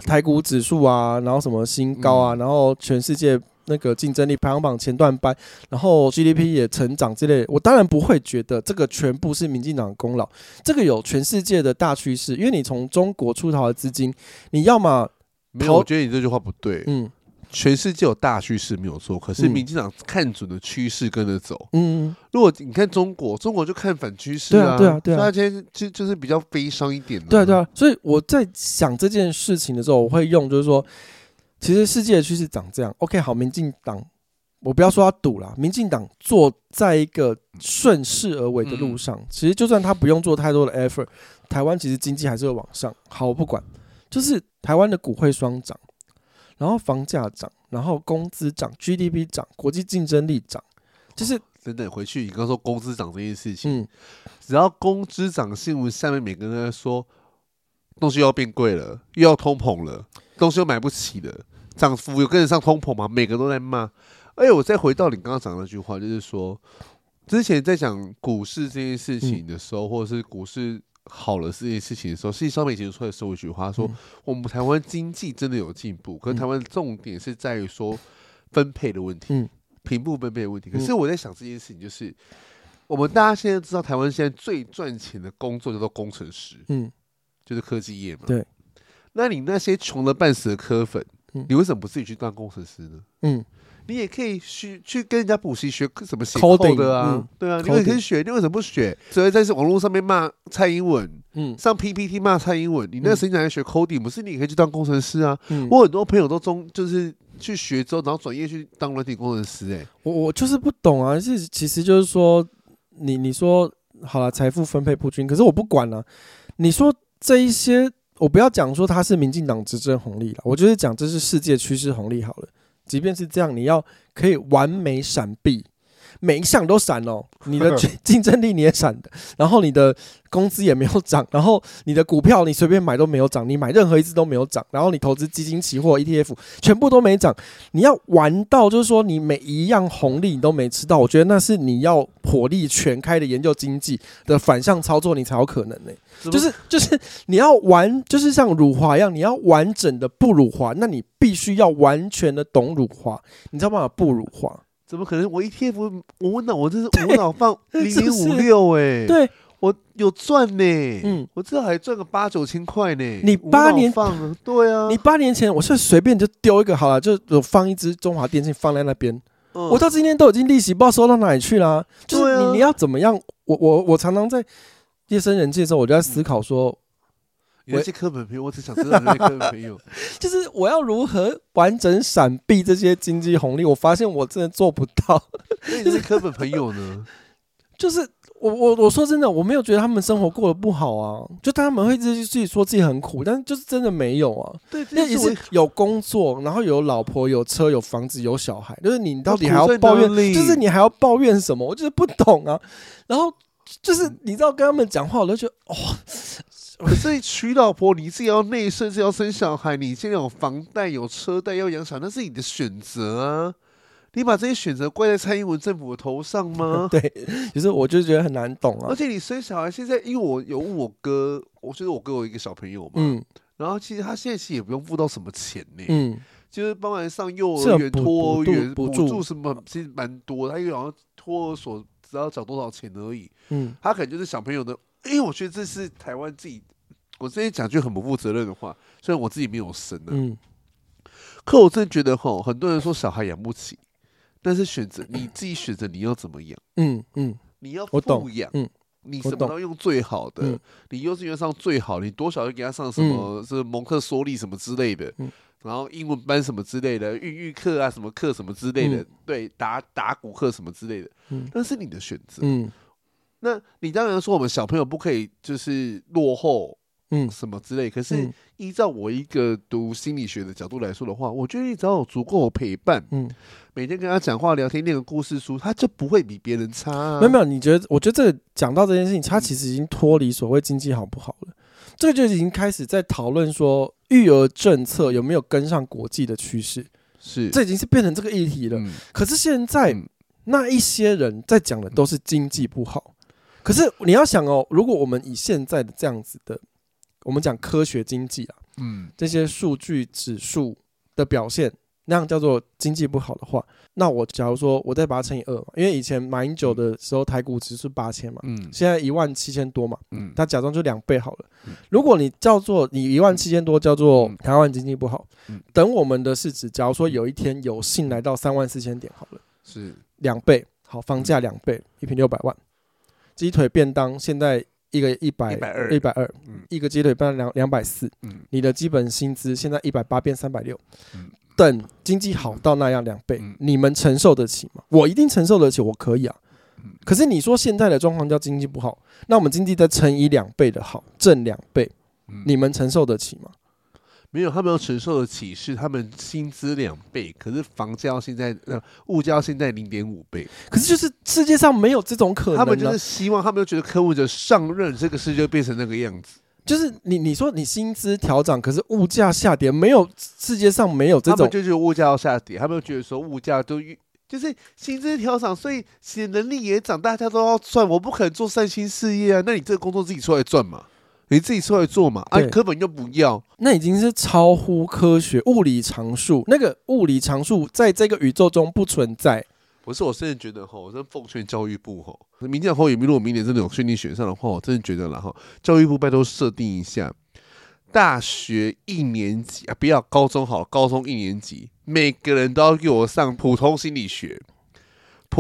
台股指數啊，然後什麼新高啊，然後全世界那個競爭力排行榜前段班，然後 GDP 也成長之類的，我當然不會覺得這個全部是民進黨的功勞。這個有全世界的大趨勢，因為你從中國出逃的資金，你要麼……沒有，我覺得你這句話不對。嗯。全世界有大趨勢沒有錯，可是民進黨看準的趨勢跟着走。嗯，如果你看中國，中國就看反趨勢啊，對啊，對啊。對啊，他現在就就是比較悲傷一點，啊。對啊，對啊。所以我在想這件事情的時候，我會用就是說，其實世界的趨勢長這樣。OK，好，民進黨，我不要說他賭了，民進黨坐在一個順勢而為的路上。嗯、其實就算他不用做太多的 effort，台灣其實經濟還是會往上。好，我不管，就是台灣的股匯雙漲。然後房價漲，然後工資漲，GDP 漲，國際競爭力漲，就是、啊、等等回去。你剛剛說工資漲這件事情，嗯、只要工資漲新聞下面每個人都在說，東西又要變貴了，又要通膨了，東西又買不起了，漲幅有跟得上通膨嘛？每個都在罵。而、哎、且我再回到你剛剛講那句話，就是說之前在講股市這件事情的時候，嗯、或者是股市。好了這件事情的時候，實際上面已經出來說一句話說，說、嗯、我們台灣經濟真的有進步，可是台灣重點是在於說分配的問題，嗯、貧富分配的問題。嗯、可是我在想這件事情，就是我們大家現在知道，台灣現在最賺錢的工作叫做工程師，嗯、就是科技業嘛。對，那你那些窮的半死的科粉，你為什麼不自己去當工程師呢？嗯。你也可以去去跟人家補習學什麼 coding 的啊， oding, 對啊， oding, 你也可以學，你為什麼不學？所以在這網絡上面罵蔡英文，嗯、上 PPT 罵蔡英文，你那時間你還在學 coding，、嗯、不是？你也可以去當工程師啊。嗯、我很多朋友都中，就是去學之後，然後轉業去當軟體工程師、欸。哎，我我就是不懂啊，是其實就是說，你你說好了，財富分配不均，可是我不管了、啊。你說這一些，我不要講說他是民進黨執政紅利了，我就是講這是世界趨勢紅利好了。即便是這樣，你要可以完美閃避。每一項都閃哦、喔，你的競爭力你也閃的，然後你的工資也沒有漲，然後你的股票你隨便買都沒有漲，你買任何一支都沒有漲，然後你投資基金、期貨、ETF 全部都沒漲，你要玩到就是說你每一樣紅利你都沒吃到，我覺得那是你要火力全開的研究經濟的反向操作，你才有可能呢、欸。是嗎就是就是你要玩，就是像辱華一樣，你要完整的不辱華，那你必須要完全的懂辱華，你知道嗎？不辱華。怎麼可能？我一天我我問到，我這是無腦放零零五六哎，對我有賺呢，嗯，我至少還賺個八九千塊呢。你八年放了，對啊，你八年前我是隨便就丟一個好了，就放一隻中華電信放在那邊，呃、我到今天都已經利息不知道收到哪裡去啦、啊？就是你、啊、你要怎麼樣？我我我常常在夜深人靜的時候，我就在思考說。嗯我是科本朋友，我只想知道這些科本朋友， 就是我要如何完整閃避這些經濟紅利？我發現我真的做不到。那是科本朋友呢？就是、就是、我我我說真的，我沒有覺得他們生活過得不好啊，就他們會自己自己說自己很苦，但是就是真的沒有啊。那也、就是，因為是有工作，然後有老婆，有車，有房子，有小孩。就是你，你到底還要抱怨？就是你還要抱怨什麼？我就是不懂啊。然後就是你知道跟他們講話，我都覺得哇。哦所以娶老婆，你自己要內，甚至要生小孩，你現在有房貸、有車貸、要養小孩，那是你的選擇啊！你把這些選擇怪在蔡英文政府的頭上嗎？ 對，其實我就覺得很難懂啊。而且你生小孩現在，因為我有我哥，我覺得我哥有一個小朋友嘛，嗯、然後其實他現在其實也不用付到什麼錢呢，嗯，就是幫忙上幼兒園、的托兒園補助什麼其實蠻多，他因為好像托兒所只要找多少錢而已，嗯，他可能就是小朋友的。因為我覺得這是台灣自己，我這裡講句很不負責任的話，雖然我自己沒有生呢，可我真的覺得吼，很多人說小孩養不起，但是選擇，你自己選擇你要怎麼養，你要不養，你什麼都要用最好的，你幼稚園上最好的，你多少就給他上什麼，是蒙特梭利什麼之類的，然後英文班什麼之類的，孕育課啊什麼課什麼之類的，對，打打鼓課什麼之類的，那是你的選擇，那你當然說我們小朋友不可以就是落後，嗯，什麼之類。嗯、可是依照我一個讀心理學的角度來說的話，嗯、我覺得你只要有足夠陪伴，嗯，每天跟他講話、聊天、念個故事書，他就不會比別人差、啊。沒有，沒有，你覺得？我覺得這個講到這件事情，他其實已經脫離所謂經濟好不好了。這個就已經開始在討論說育兒政策有沒有跟上國際的趨勢。是，這已經是變成這個議題了。嗯、可是現在、嗯、那一些人在講的都是經濟不好。可是你要想哦，如果我們以現在的這樣子的，我們講科學經濟啊，嗯，這些數據指數的表現那樣叫做經濟不好的話，那我假如說我再把它乘以二，因為以前馬英九的時候台股值是八千嘛，嗯，現在一萬七千多嘛，嗯，它假裝就兩倍好了。嗯、如果你叫做你一萬七千多叫做台灣經濟不好，嗯、等我們的市值假如說有一天有幸來到三萬四千點好了，是兩倍，好房價兩倍，嗯、一平六百萬。雞腿便當現在一個一百一百二一一個雞腿變成兩兩百四。你的基本薪資現在一百八變三百六。等經濟好到那樣兩倍，嗯、你們承受得起嗎？我一定承受得起，我可以啊。嗯、可是你說現在的狀況叫經濟不好，那我們經濟再乘以兩倍的好，漲兩倍，嗯、你們承受得起嗎？沒有，他們要承受的起是他們薪資兩倍，可是房價現在呃物價要現在零點五倍，可是就是世界上沒有這種可能。他們就是希望，他們就覺得客戶就上任這個事就變成那個樣子。就是你你說你薪資調漲，可是物價下跌，沒有世界上沒有這種。他們就覺得物價要下跌，他們就覺得說物價都越就是薪資調漲，所以能力也漲，大家都要賺，我不可能做善心事業啊，那你這個工作自己出來賺嘛。你自己出來做嘛，對、啊、根本就不要，那已經是超乎科學物理常數，那個物理常數在這個宇宙中不存在。不是，我真的覺得吼？我真的奉勸教育部吼，明天考眼如果明年真的有確定選上的話，我真的覺得了哈，教育部拜託設定一下，大學一年級啊，不要高中好，高中一年級每個人都要給我上普通心理學。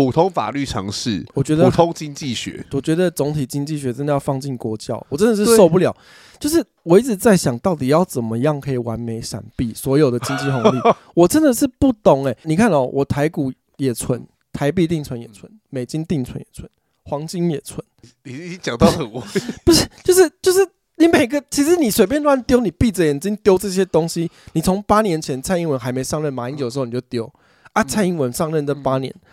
普通法律常識，我覺得普通經濟學，我覺得總體經濟學真的要放進國教，我真的是受不了。對就是我一直在想，到底要怎麼樣可以完美閃避所有的經濟紅利， 我真的是不懂哎、欸。你看哦、喔，我台股也存，台幣定存也存，嗯、美金定存也存，黃金也存。你已經講到很我， 不是就是就是你每個其實你隨便亂丟，你閉着眼睛丟這些東西，你從八年前蔡英文還沒上任馬英九的時候你就丟、嗯、啊，蔡英文上任這八年。嗯嗯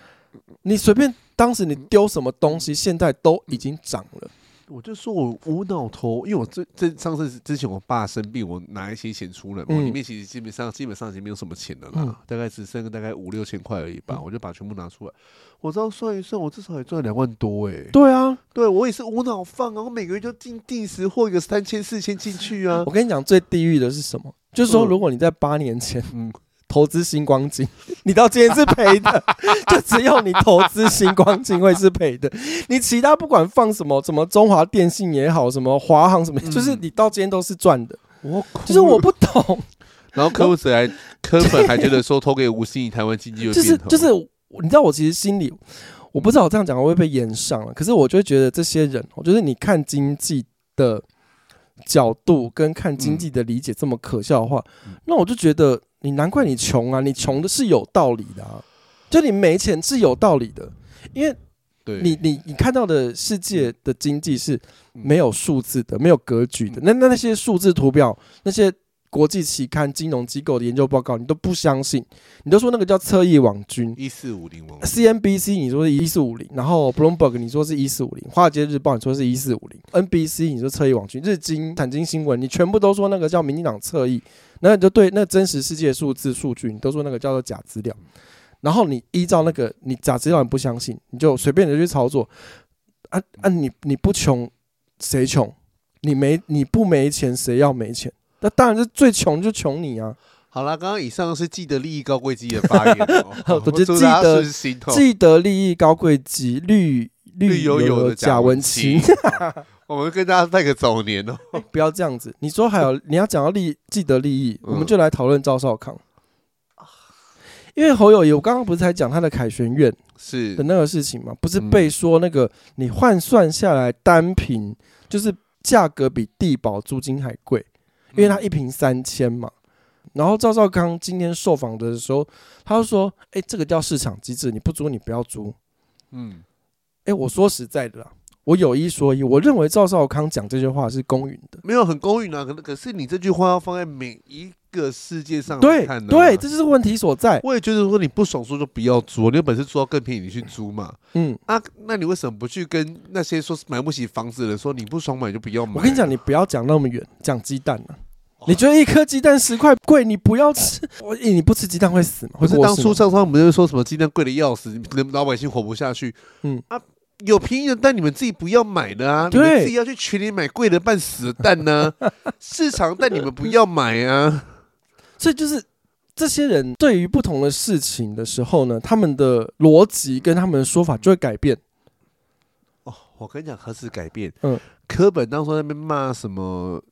你隨便，當時你丟什麼東西，現在都已經漲了。我就說我無腦投，因為我這這上次之前我爸生病，我拿一些錢出來，我、嗯、裡面其實基本上基本上已經沒有什麼錢了啦，嗯、大概只剩個大概五六千塊而已吧。嗯、我就把全部拿出來，我再算一算，我至少也賺兩萬多誒、欸，對啊，對，我也是無腦放啊，我每個月就定定時或一個三千四千進去啊。我跟你講，最地獄的是什麼？就是說，如果你在八年前。嗯嗯投資新光金，你到今天是賠的， 就只有你投資新光金會是賠的，你其他不管放什麼，什麼中華電信也好，什麼華航什麼，嗯、就是你到今天都是賺的。我哭就是我不懂。然後柯我粉還柯粉還覺得說給對 投給吳欣盈，台灣經濟就是就是，你知道我其實心裡我不知道我這樣講會不會被炎上了，可是我就會覺得這些人，就是你看經濟的。角度跟看經濟的理解這麼可笑的話，嗯，那我就覺得你難怪你窮啊，你窮的是有道理的啊，就你沒錢是有道理的，因為你你你看到的世界的經濟是沒有數字的，沒有格局的，那那那些數字圖表那些。國際期刊金融機構的研究報告，你都不相信，你都說那個叫側翼網軍一四五零，CNBC 你說是一四五零，然後 Bloomberg 你說是一四五零，華爾街日報你說是一四五零，NBC 你說側翼網軍，日經、產經新聞你全部都說那個叫民進黨側翼，那你就對那真實世界數字數據，你都說那個叫做假資料，然後你依照那個你假資料你不相信，你就隨便的去操作，啊啊你，你你不窮誰窮？你沒你不沒錢誰要沒錢？那當然是最窮就窮你啊！好了，剛剛以上是既得利益高貴姬的發言，我覺得得記得利益高貴姬、喔、 綠綠油油的賈文琪， 我們跟大家拜個早年哦、喔！ 不要這樣子，你說還有你要講到利既得利益，嗯、我們就來討論趙少康因為侯友宜，我剛剛不是才講他的凱旋苑是的那個事情嘛？是不是被說那個、嗯、你換算下來單坪就是價格比帝寶租金還貴。因為他一瓶三千嘛，然後趙少康今天受訪的時候，他就說：“誒，這個叫市場機制，你不租你不要租。”嗯，誒，我說實在的啦，我有一說一，我認為趙少康講這句話是公允的，沒有很公允啊。可可是你這句話要放在每一個世界上看對看對，這就是問題所在。我也覺得，如果你不爽租就不要租，你有本事租到更便宜你去租嘛。嗯啊，那你為什麼不去跟那些說買不起房子的人說你不爽買就不要買、啊？我跟你講，你不要講那麼遠，講雞蛋啊。你覺得一顆雞蛋十塊貴，你不要吃。我，你不吃雞蛋會死嗎？可是，當初上上不是說什麼雞蛋貴的要死，人老百姓活不下去。嗯啊，有便宜的蛋你們自己不要買的啊，對你自己要去群裡買貴的半死的蛋呢、啊。 市場但你們不要買啊。所以就是這些人對於不同的事情的時候呢，他們的邏輯跟他們的說法就會改變。哦，我跟你講，何時改變？嗯，科本當初在那邊罵什麼？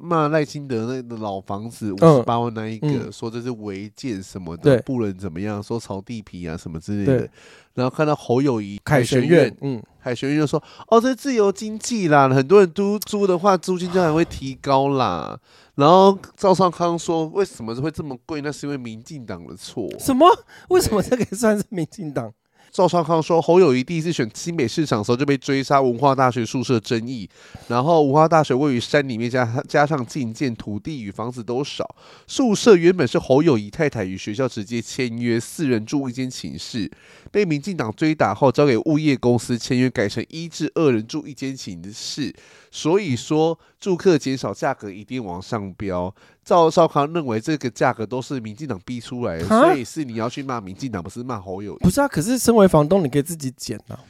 罵賴清德那個老房子五十八萬那一個，嗯嗯、說這是違建什麼的，不能對怎麼樣，說炒地皮啊什麼之類的。對然後看到侯友宜凱旋、旋院，嗯，凱旋院就說哦，這自由經濟啦，很多人都租、租的話，租金就還會提高啦。啊、然後趙少康說，為什麼會這麼貴？那是因為民進黨的錯。什麼？為什麼這個算是民進黨？趙少康說：“侯友宜第一次選新北市長的時候就被追殺，文化大學宿舍爭議。然後文化大學位於山裡面加，加加上禁建土地與房子都少，宿舍原本是侯友宜太太與學校直接簽約，四人住一間寢室。”被民進黨追打後，交給物業公司簽約，改成一至二人住一間寢室。所以說，住客減少，價格一定往上飆。趙少康認為這個價格都是民進黨逼出來的，蛤？所以是你要去罵民進黨，不是罵侯友宜。不是啊，可是身為房東，你可以自己減啊。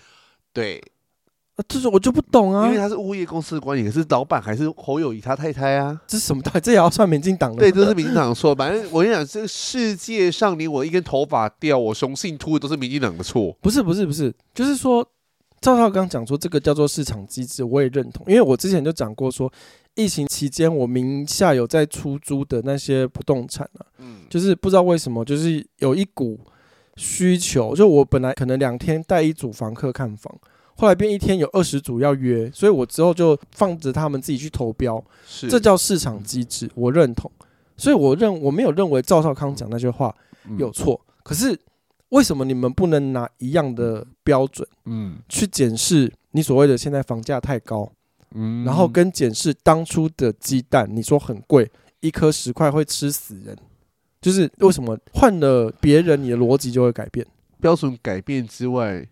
對。這、啊就是我就不懂啊，因為他是物業公司的管理，可是老闆還是侯友宜他太太啊，這是什麼台？這也要算民進黨的？對，都是民進黨的錯。 反正我跟你講，這個世界上，連我一根頭髮掉，我雄性禿，都是民進黨的錯。不是，不是，不是，就是說，趙少剛剛講說這個叫做市場機制，我也認同。因為我之前就講過說，說疫情期間我名下有在出租的那些不動產啊，嗯，就是不知道為什麼，就是有一股需求，就我本來可能兩天帶一組房客看房。後來變一天有二十組要約，所以我之後就放着他們自己去投標，是這叫市場機制，我認同。所以我認我沒有認為趙少康講那些話有錯，嗯，可是為什麼你們不能拿一樣的標準，嗯，去檢視你所謂的現在房價太高，嗯，然後跟檢視當初的雞蛋，你說很貴，一顆十塊會吃死人，就是為什麼換了別人你的邏輯就會改變，標準改變之外。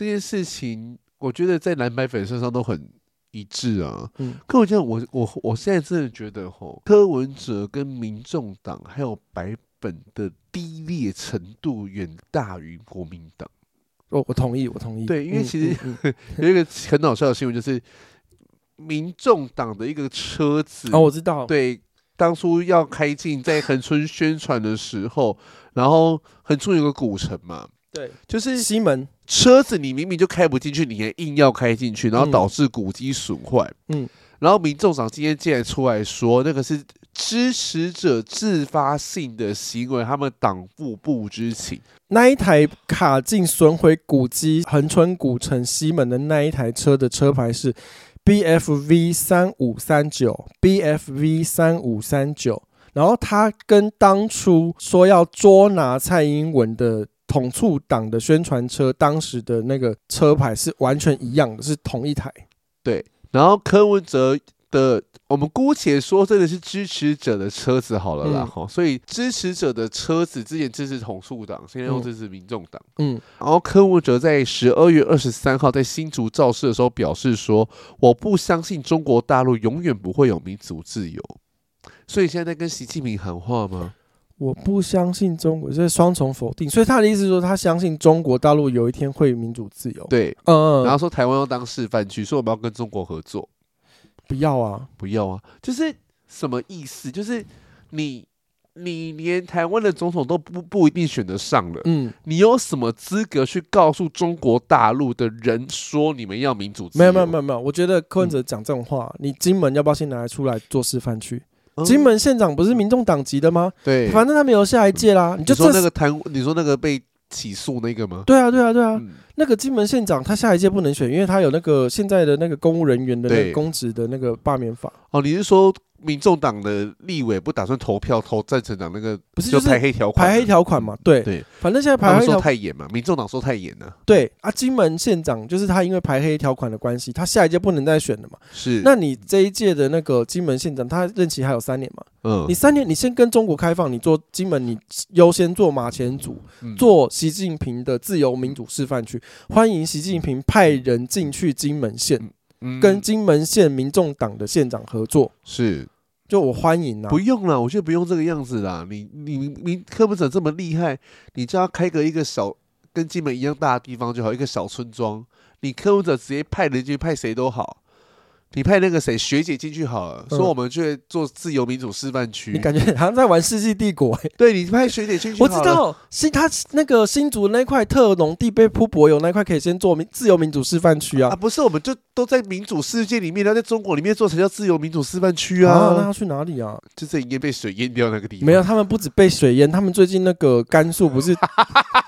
這件事情，我覺得在藍白粉身上都很一致啊。嗯，可我覺得，我我我現在真的覺得吼、哦，柯文哲跟民眾黨還有白粉的低劣程度遠大於國民黨。哦，我同意，我同意。對，因為其實、嗯嗯嗯、有一個很搞笑的新聞，就是民眾黨的一個車子哦，我知道。對，當初要開進在恆春宣傳的時候，然後恆春有個古城嘛。對，就是西門車子，你明明就開不進去，你還硬要開進去，然後導致古蹟損壞。嗯，然後民眾黨今天竟然出來說，那個是支持者自發性的行為，他們黨部不知情。那一台卡進損毀古蹟恆春古城西門的那一台車的車牌是 B F V 三五三九 B F V 三五三九，然後他跟當初說要捉拿蔡英文的。統促黨的宣傳車當時的那個車牌是完全一樣的，是同一台。對，然後柯文哲的，我們姑且說這個是支持者的車子好了啦。嗯，所以支持者的車子之前支持統促黨，現在又支持民眾黨。嗯，嗯，然後柯文哲在十二月二十三號在新竹造勢的時候表示說：“我不相信中國大陸永遠不會有民族自由。”所以現在在跟習近平喊話嗎？我不相信中國，這是雙重否定。所以他的意思是說，他相信中國大陸有一天會民主自由。對，嗯，然後說台灣要當示範區，說我們要跟中國合作。不要啊，不要啊，就是什麼意思？就是你，你連台灣的總統都不不一定選得上了。嗯，你有什麼資格去告訴中國大陸的人說你們要民主自由？沒有，沒有，沒有，沒有。我覺得柯文哲講這種話，嗯，你金門要不要先拿來出來做示範區？金門縣長不是民眾黨籍的嗎？對，反正他沒有下一屆啦。嗯、你，就你說那個貪，你說那個被起訴那個嗎？對啊，對，啊對啊，對啊，嗯，對啊，那個金門縣長他下一屆不能選，因為他有那個現在的那個公務人員的那個公職的那個罷免法。哦，你是說？民眾黨的立委不打算投票投贊成黨那個，不是，就是排黑條款，排黑條款嘛？對對，反正現在排黑條款說太嚴嘛，民眾黨說太嚴了。對啊，金門縣長就是他，因為排黑條款的關係，他下一屆不能再選了嘛。是，那你這一屆的那個金門縣長，他任期還有三年嘛？嗯，你三年，你先跟中國開放，你做金門，你優先做馬前卒，做習近平的自由民主示範區，歡迎習近平派人進去金門縣。嗯嗯跟金門縣民眾黨的縣長合作，是，就我歡迎啦、啊，不用啦，我就不用這個樣子啦。你你你，你柯文哲這麼厲害，你只要開個一個小跟金門一樣大的地方就好，一個小村莊，你柯文哲直接派人去派誰都好。你派那個誰學姐進去好了，嗯、說我們去做自由民主示範區。你感覺好像在玩《世紀帝國》？對，你派學姐進去好了，我知道，新他那個新竹那塊特農地被鋪柏油那塊可以先做民自由民主示範區啊！啊，不是，我們就都在民主世界裡面，要在中國裡面做，才叫自由民主示範區啊！啊那要去哪裡啊？就這應該被水淹掉那個地方。沒有，他們不止被水淹，他們最近那個甘肅不是、嗯？